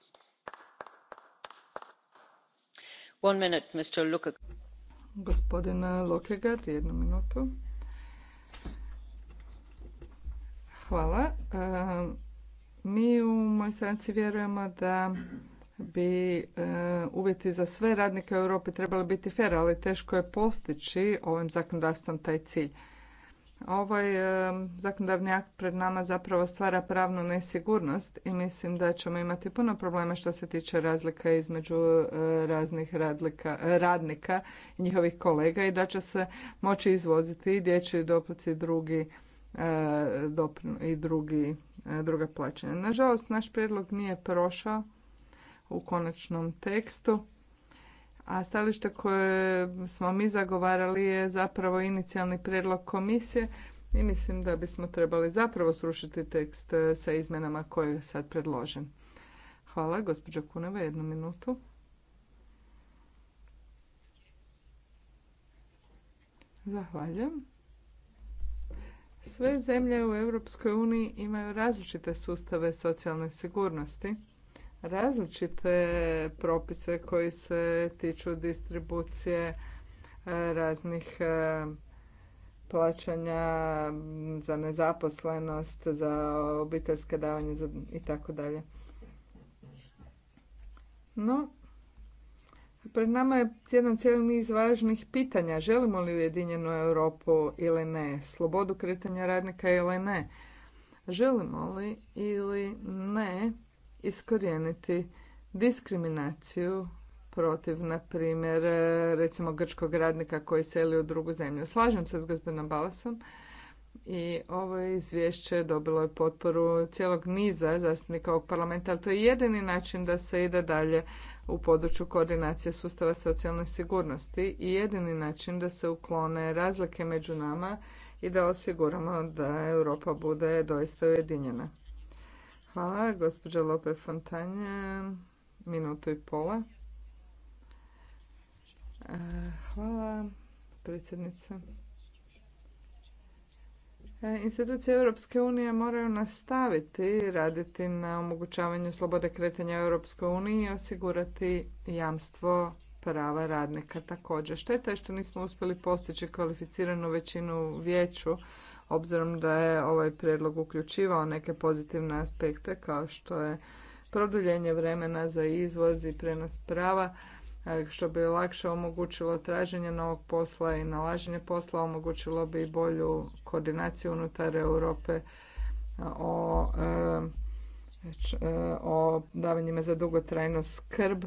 [SPEAKER 1] One
[SPEAKER 3] jednu minutu. Hvala. E, mi u mojoj stranci vjerujemo da bi e, uvjeti za sve radnike u Europi trebali biti fer, ali teško je postići ovim zakonodavstvom taj cilj. Ovaj e, zakonodavni akt pred nama zapravo stvara pravnu nesigurnost i mislim da ćemo imati puno problema što se tiče razlika između e, raznih radlika, radnika i njihovih kolega i da će se moći izvoziti i dječji doplaci e, i drugi i drugi, druga plaćanja. Nažalost, naš prijedlog nije prošao u konačnom tekstu. A stalište koje smo mi zagovarali je zapravo inicijalni prijedlog komisije i mislim da bismo trebali zapravo srušiti tekst e, sa izmenama koje je sad predložen. Hvala, gospođo Kuneva, jednu minutu. Zahvaljujem. Sve zemlje u Europskoj uniji imaju različite sustave socijalne sigurnosti različite propise koji se tiču distribucije e, raznih e, plaćanja za nezaposlenost, za obiteljske davanje i tako dalje. No, pred nama je jedan cijeli niz važnih pitanja. Želimo li ujedinjenu Europu ili ne? Slobodu kretanja radnika ili ne? Želimo li ili ne iskorijeniti diskriminaciju protiv, na primjer, e, recimo grčkog radnika koji seli u drugu zemlju. Slažem se s gospodinom Balasom i ovo izvješće dobilo je potporu cijelog niza zastupnika ovog parlamenta, ali to je jedini način da se ide dalje u području koordinacije sustava socijalne sigurnosti i jedini način da se uklone razlike među nama i da osiguramo da Europa bude doista ujedinjena. Hvala, gospođa Lope Fontanje, Minuto i pola. E, hvala, predsjednice. E, institucije Europske unije moraju nastaviti raditi na omogućavanju slobode kretanja u Europskoj uniji i osigurati jamstvo prava radnika također. Šteta je što nismo uspjeli postići kvalificiranu većinu vijeću obzirom da je ovaj prijedlog uključivao neke pozitivne aspekte kao što je produljenje vremena za izvoz i prenos prava što bi lakše omogućilo traženje novog posla i nalaženje posla, omogućilo bi bolju koordinaciju unutar Europe o, e, e, o davanjima za dugotrajnu skrb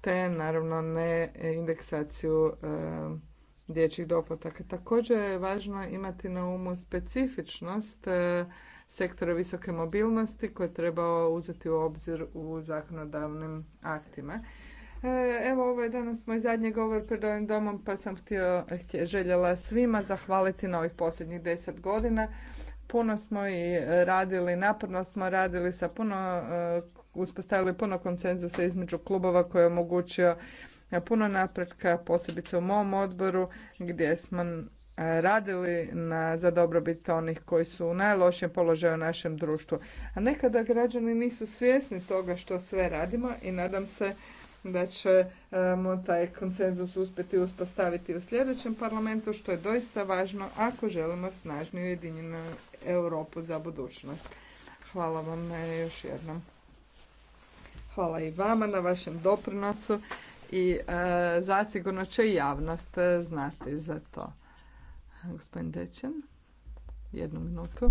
[SPEAKER 3] te naravno ne indeksaciju e, dječjih doplataka. Također je važno imati na umu specifičnost e, sektora visoke mobilnosti koje treba uzeti u obzir u zakonodavnim aktima. E, evo, ovo je danas moj zadnji govor pred ovim domom, pa sam htio, željela svima zahvaliti na ovih posljednjih deset godina. Puno smo i radili, naporno smo radili sa puno, e, uspostavili puno konsenzusa između klubova koji je omogućio puno napretka, posebice u mom odboru gdje smo e, radili na, za dobrobit onih koji su u najlošijem položaju u našem društvu. A nekada građani nisu svjesni toga što sve radimo i nadam se da ćemo taj konsenzus uspjeti uspostaviti u sljedećem parlamentu, što je doista važno ako želimo snažniju jedinjenu Europu za budućnost. Hvala vam e, još jednom. Hvala i vama na vašem doprinosu i e, zasigurno će i javnost e, znati za to. Gospodin Dećan, jednu minutu.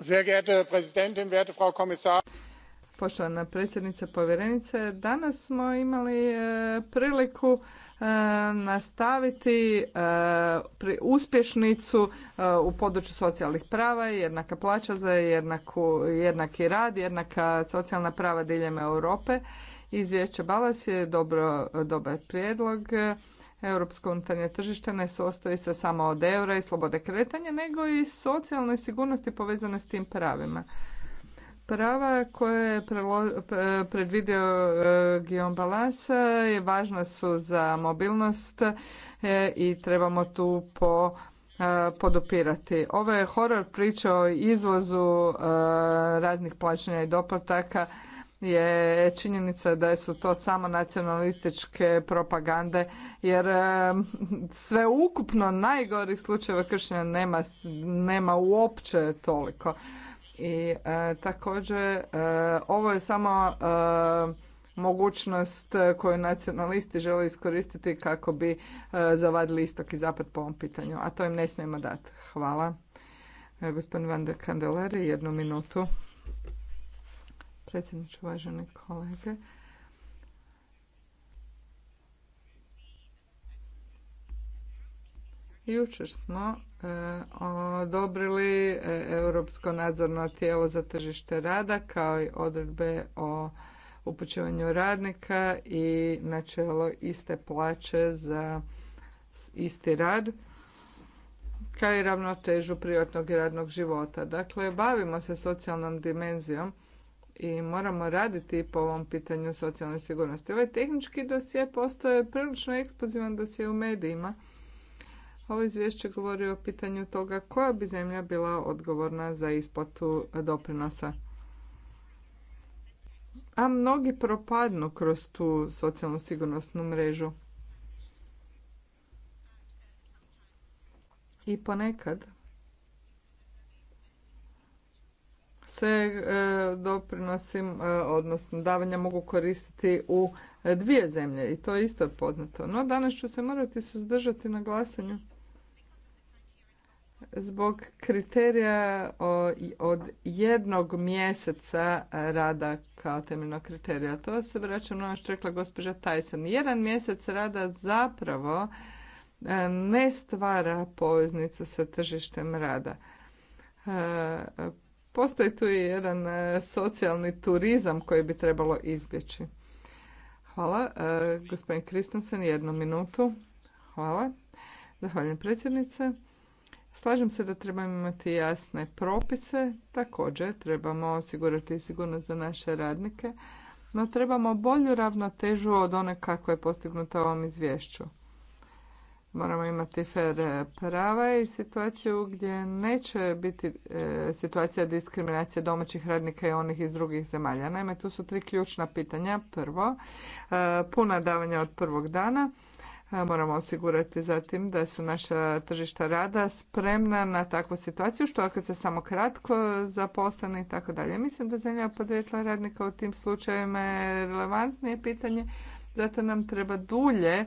[SPEAKER 2] Sehr geehrte Präsidentin, werte Frau Kommissar.
[SPEAKER 3] Poštovana predsjednica povjerenice, danas smo imali e, priliku e, nastaviti e, uspješnicu u području socijalnih prava, jednaka plaća za jednaku, jednaki rad, jednaka socijalna prava diljem Europe. Izvješće Balas je dobro, dobar prijedlog. Europsko unutarnje tržište ne sastoji se samo od eura i slobode kretanja, nego i socijalne sigurnosti povezane s tim pravima prava koje je predvidio e, Guillaume Balas e, je važna su za mobilnost e, i trebamo tu po podupirati. Ovo je horor priča o izvozu raznih plaćanja i doplataka je činjenica da su to samo nacionalističke propagande jer sve ukupno najgorih slučajeva kršenja nema, nema uopće toliko. I e, također e, ovo je samo e, mogućnost koju nacionalisti žele iskoristiti kako bi zavadili istok i zapad po ovom pitanju, a to im ne smijemo dati. Hvala. Gospodin Van der Kandeleri, jednu minutu. Predsjedniče, uvažene kolege. Jučer smo e, odobrili e, Europsko nadzorno tijelo za tržište rada kao i odredbe o upućivanju radnika i načelo iste plaće za isti rad kao i ravnotežu privatnog i radnog života. Dakle, bavimo se socijalnom dimenzijom i moramo raditi po ovom pitanju socijalne sigurnosti. Ovaj tehnički dosje postaje prilično eksplozivan dosje u medijima ovo izvješće govori o pitanju toga koja bi zemlja bila odgovorna za isplatu doprinosa. A mnogi propadnu kroz tu socijalnu sigurnosnu mrežu. I ponekad se e, doprinosim, e, odnosno davanja mogu koristiti u dvije zemlje i to je isto poznato. No danas ću se morati suzdržati na glasanju zbog kriterija od jednog mjeseca rada kao temeljnog kriterija. To se vraća na ono što rekla gospođa Tyson. Jedan mjesec rada zapravo e, ne stvara poveznicu sa tržištem rada. E, postoji tu i jedan e, socijalni turizam koji bi trebalo izbjeći. Hvala. Gospodin Kristensen, jednu minutu. Hvala. Zahvaljujem predsjednice. Slažem se da trebamo imati jasne propise, također trebamo osigurati sigurnost za naše radnike, no trebamo bolju ravnotežu od one kako je postignuta u ovom izvješću. Moramo imati fer prava i situaciju gdje neće biti e, situacija diskriminacije domaćih radnika i onih iz drugih zemalja. Naime, tu su tri ključna pitanja. Prvo, e, puna davanja od prvog dana. Moramo osigurati zatim da su naša tržišta rada spremna na takvu situaciju, što ako se samo kratko zaposleni i tako dalje. Mislim da zemlja podrijetla radnika u tim slučajevima je relevantnije pitanje, zato nam treba dulje e,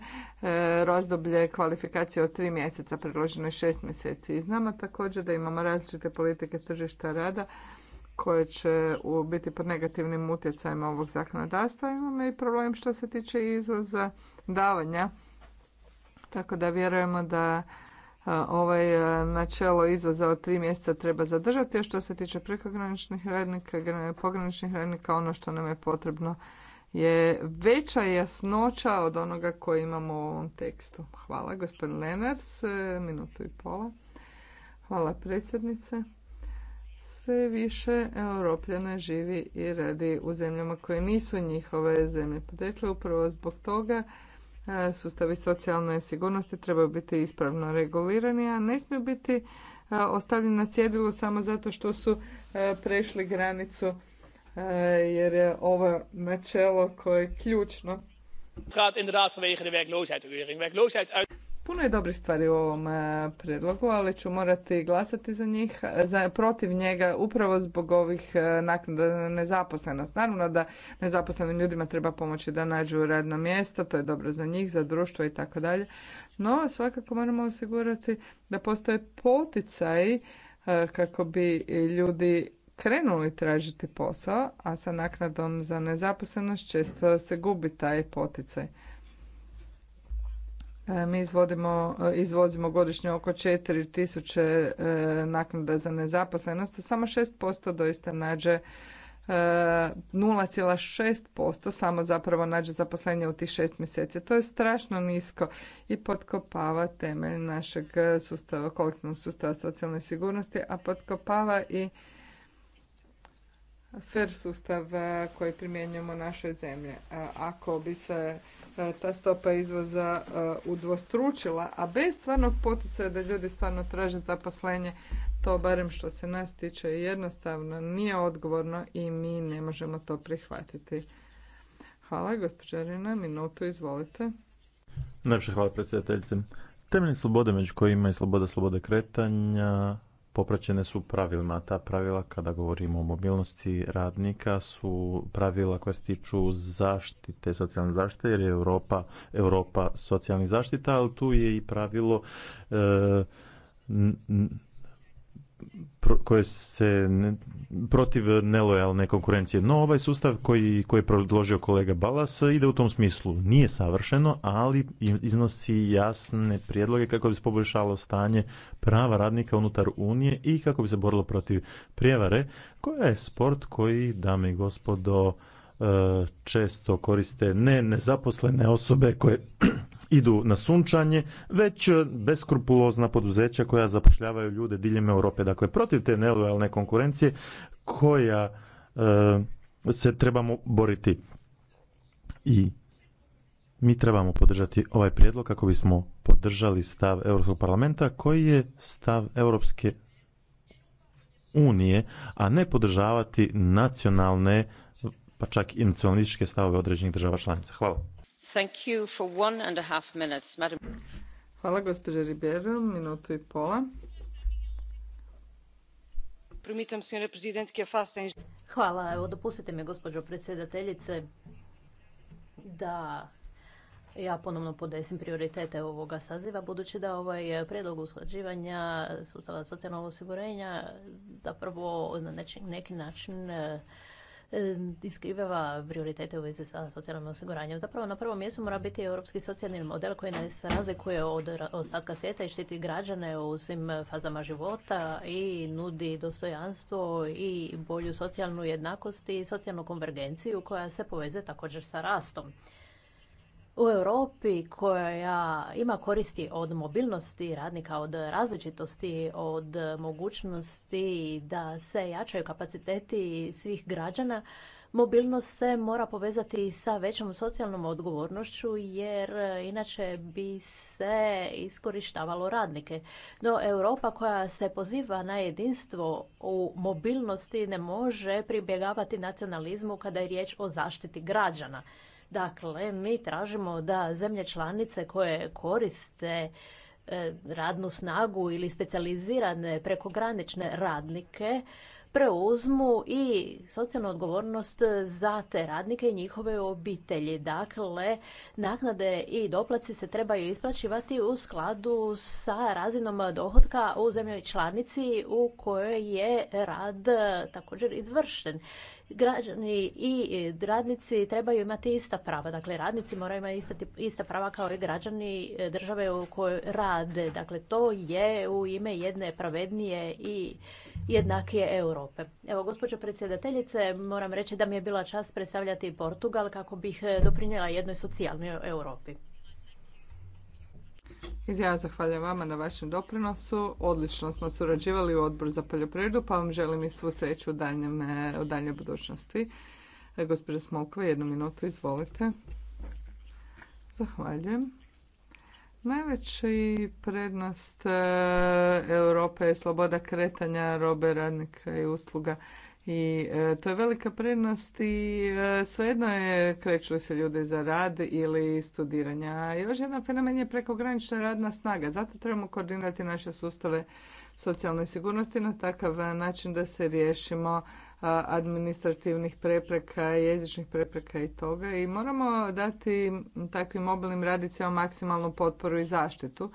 [SPEAKER 3] razdoblje kvalifikacije od tri mjeseca, predloženo je šest mjeseci. I znamo također da imamo različite politike tržišta rada koje će biti pod negativnim utjecajima ovog zakonodavstva. Imamo i problem što se tiče izvoza davanja tako da vjerujemo da ovaj načelo izvoza od tri mjeseca treba zadržati, a što se tiče prekograničnih radnika, pograničnih radnika, ono što nam je potrebno je veća jasnoća od onoga koji imamo u ovom tekstu. Hvala, gospodin Lenars, e, minutu i pola. Hvala, predsjednice. Sve više europljane živi i radi u zemljama koje nisu njihove zemlje. Dakle, upravo zbog toga E, sustavi socijalne sigurnosti trebaju biti ispravno regulirani, a ne smiju biti e, ostavljeni na cjedilu samo zato što su e, prešli granicu jer je ovo načelo koje je ključno. inderdaad Puno je dobrih stvari u ovom e, predlogu, ali ću morati glasati za njih, e, za, protiv njega upravo zbog ovih e, naknada za nezaposlenost. Naravno da nezaposlenim ljudima treba pomoći da nađu radno mjesto, to je dobro za njih, za društvo i tako dalje. No, svakako moramo osigurati da postoje poticaj kako bi ljudi krenuli tražiti posao, a sa naknadom za nezaposlenost često se gubi taj poticaj. E, mi izvodimo, e, izvozimo godišnje oko 4000 e, naknada za nezaposlenost, a samo 6% doista nađe 0,6% samo zapravo nađe zaposlenje u tih šest mjeseci. To je strašno nisko i potkopava temelj našeg sustava, kolektivnog sustava socijalne sigurnosti, a potkopava i fer sustav koji primjenjujemo u našoj zemlji. Ako bi se E, ta stopa izvoza e, udvostručila, a bez stvarnog poticaja da ljudi stvarno traže zaposlenje, to barem što se nas tiče jednostavno nije odgovorno i mi ne možemo to prihvatiti. Hvala, gospođa Rina, minutu, izvolite.
[SPEAKER 2] Najpše hvala predsjedateljice. Temeljne slobode među kojima je sloboda, sloboda kretanja, popraćene su pravilima. Ta pravila kada govorimo o mobilnosti radnika su pravila koja se tiču zaštite, socijalne zaštite jer je Europa, Europa socijalnih zaštita, ali tu je i pravilo e, koje se ne, protiv nelojalne konkurencije. No ovaj sustav koji, koji je predložio kolega Balas ide u tom smislu. Nije savršeno, ali iznosi jasne prijedloge kako bi se poboljšalo stanje prava radnika unutar Unije i kako bi se borilo protiv prijevare koja je sport koji, dame i gospodo, E, često koriste ne nezaposlene osobe koje idu na sunčanje, već e, beskrupulozna poduzeća koja zapošljavaju ljude diljem Europe. Dakle, protiv te nelojalne konkurencije koja e, se trebamo boriti. I mi trebamo podržati ovaj prijedlog kako bismo podržali stav Europskog parlamenta koji je stav Europske unije, a ne podržavati nacionalne pa čak i nacionalističke stavove određenih država članica. Hvala.
[SPEAKER 3] Thank you for one and a half minutes, madam. Hvala gospođa Ribeiro, minuto i
[SPEAKER 1] pola. Hvala, evo dopustite mi gospođo predsjedateljice da ja ponovno podesim prioritete ovoga saziva, budući da ovaj predlog usklađivanja sustava socijalnog osigurenja zapravo na neki način skriveva prioritete u vezi sa socijalnim osiguranjem. Zapravo na prvom mjestu mora biti europski socijalni model koji nas razlikuje od ostatka svijeta i štiti građane u svim fazama života i nudi dostojanstvo i bolju socijalnu jednakost i socijalnu konvergenciju koja se povezuje također sa rastom u Europi koja ima koristi od mobilnosti radnika, od različitosti, od mogućnosti da se jačaju kapaciteti svih građana, mobilnost se mora povezati sa većom socijalnom odgovornošću jer inače bi se iskorištavalo radnike. No Europa koja se poziva na jedinstvo u mobilnosti ne može pribjegavati nacionalizmu kada je riječ o zaštiti građana. Dakle, mi tražimo da zemlje članice koje koriste e, radnu snagu ili specijalizirane prekogranične radnike preuzmu i socijalnu odgovornost za te radnike i njihove obitelji. Dakle, naknade i doplaci se trebaju isplaćivati u skladu sa razinom dohodka u zemljoj članici u kojoj je rad također izvršen. Građani i radnici trebaju imati ista prava. Dakle, radnici moraju imati ista, ista prava kao i građani države u kojoj rade. Dakle, to je u ime jedne pravednije i jednakije Europe. Evo, gospođo predsjedateljice, moram reći da mi je bila čast predstavljati Portugal kako bih eh, doprinjela jednoj socijalnoj Europi.
[SPEAKER 3] Ja zahvaljujem vama na vašem doprinosu. Odlično smo surađivali u odboru za poljoprivredu, pa vam želim i svu sreću u, daljem eh, daljnjoj budućnosti. Eh, Gospođa Smolkova, jednu minutu, izvolite. Zahvaljujem. Najveći prednost e, Europe je sloboda kretanja robe, radnika i usluga. I e, to je velika prednost i e, svejedno je kreću se ljudi za rad ili studiranja. još jedan fenomen je prekogranična radna snaga. Zato trebamo koordinirati naše sustave socijalne sigurnosti na takav način da se riješimo administrativnih prepreka, jezičnih prepreka i toga i moramo dati takvim mobilnim radicijama maksimalnu potporu i zaštitu.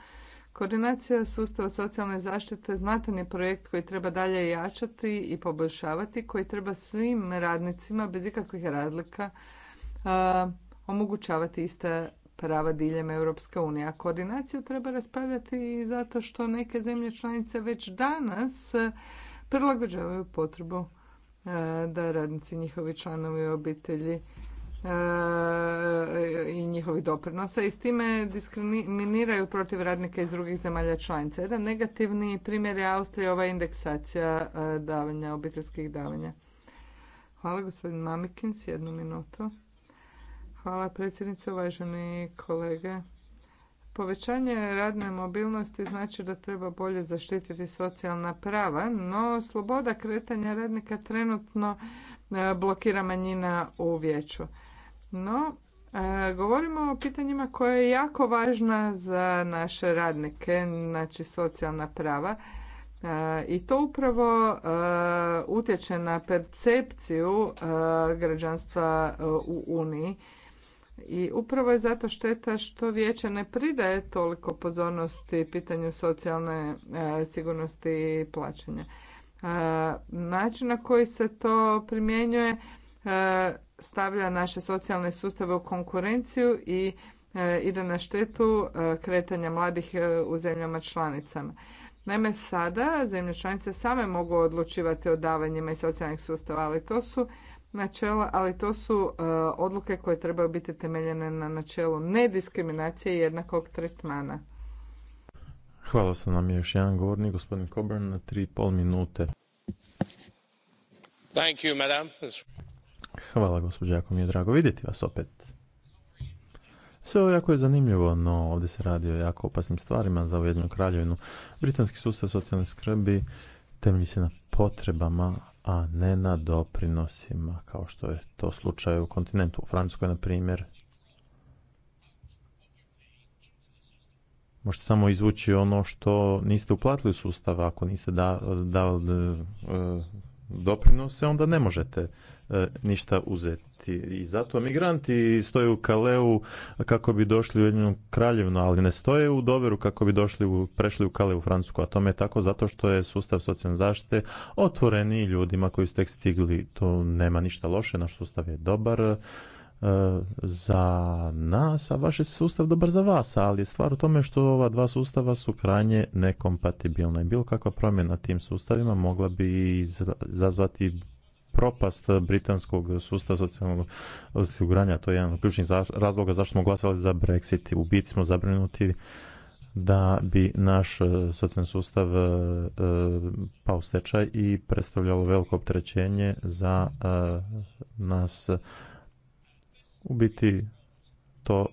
[SPEAKER 3] Koordinacija sustava socijalne zaštite znatan je projekt koji treba dalje jačati i poboljšavati, koji treba svim radnicima bez ikakvih razlika omogućavati iste prava diljem Europske unije. A koordinaciju treba raspravljati i zato što neke zemlje članice već danas prilagođavaju potrebu E, da radnici, njihovi članovi obitelji e, i njihovih doprinosa i s time diskriminiraju protiv radnika iz drugih zemalja članica. Jedan negativni primjer je Austrija ova indeksacija e, davanja, obiteljskih davanja. Hvala gospodin Mamikins, jednu minutu. Hvala predsjednice, uvaženi kolege. Povećanje radne mobilnosti znači da treba bolje zaštititi socijalna prava, no sloboda kretanja radnika trenutno e, blokira manjina u vijeću. No, e, govorimo o pitanjima koja je jako važna za naše radnike, znači socijalna prava. E, I to upravo utječe na percepciju građanstva u Uniji i upravo je zato šteta što vijeće ne pridaje toliko pozornosti pitanju socijalne e, sigurnosti i plaćanja. E, način na koji se to primjenjuje e, stavlja naše socijalne sustave u konkurenciju i ide na štetu kretanja mladih u zemljama članicama. Naime, sada zemlje članice same mogu odlučivati o davanjima i socijalnih sustava, ali to su načela, ali to su e, odluke koje trebaju biti temeljene na načelu nediskriminacije i jednakog tretmana.
[SPEAKER 2] Hvala sam nam je još jedan govornik, gospodin Coburn, na tri pol minute. Thank you, madam. Hvala, gospođa, jako mi je drago vidjeti vas opet. Sve ovo jako je zanimljivo, no ovdje se radi o jako opasnim stvarima za Ujedinjenu kraljevinu. Britanski sustav socijalne skrbi temelji se na potrebama a ne na doprinosima, kao što je to slučaj u kontinentu. U Francuskoj, na primjer, možete samo izvući ono što niste uplatili u sustav, ako niste davali e, doprinose, onda ne možete E, ništa uzeti. I zato migranti stoje u Kaleu kako bi došli u jednu kraljevnu, ali ne stoje u Doveru kako bi došli u, prešli u Kaleu u Francusku. A tome je tako zato što je sustav socijalne zaštite otvoreniji ljudima koji ste stigli. To nema ništa loše, naš sustav je dobar e, za nas, a vaš je sustav dobar za vas, ali je stvar u tome što ova dva sustava su krajnje nekompatibilna i bilo kakva promjena tim sustavima mogla bi izazvati propast britanskog sustava socijalnog osiguranja. To je jedan od ključnih razloga zašto smo glasali za Brexit. U biti smo zabrinuti da bi naš e, socijalni sustav e, e, pao stečaj i predstavljalo veliko opterećenje za nas. U biti to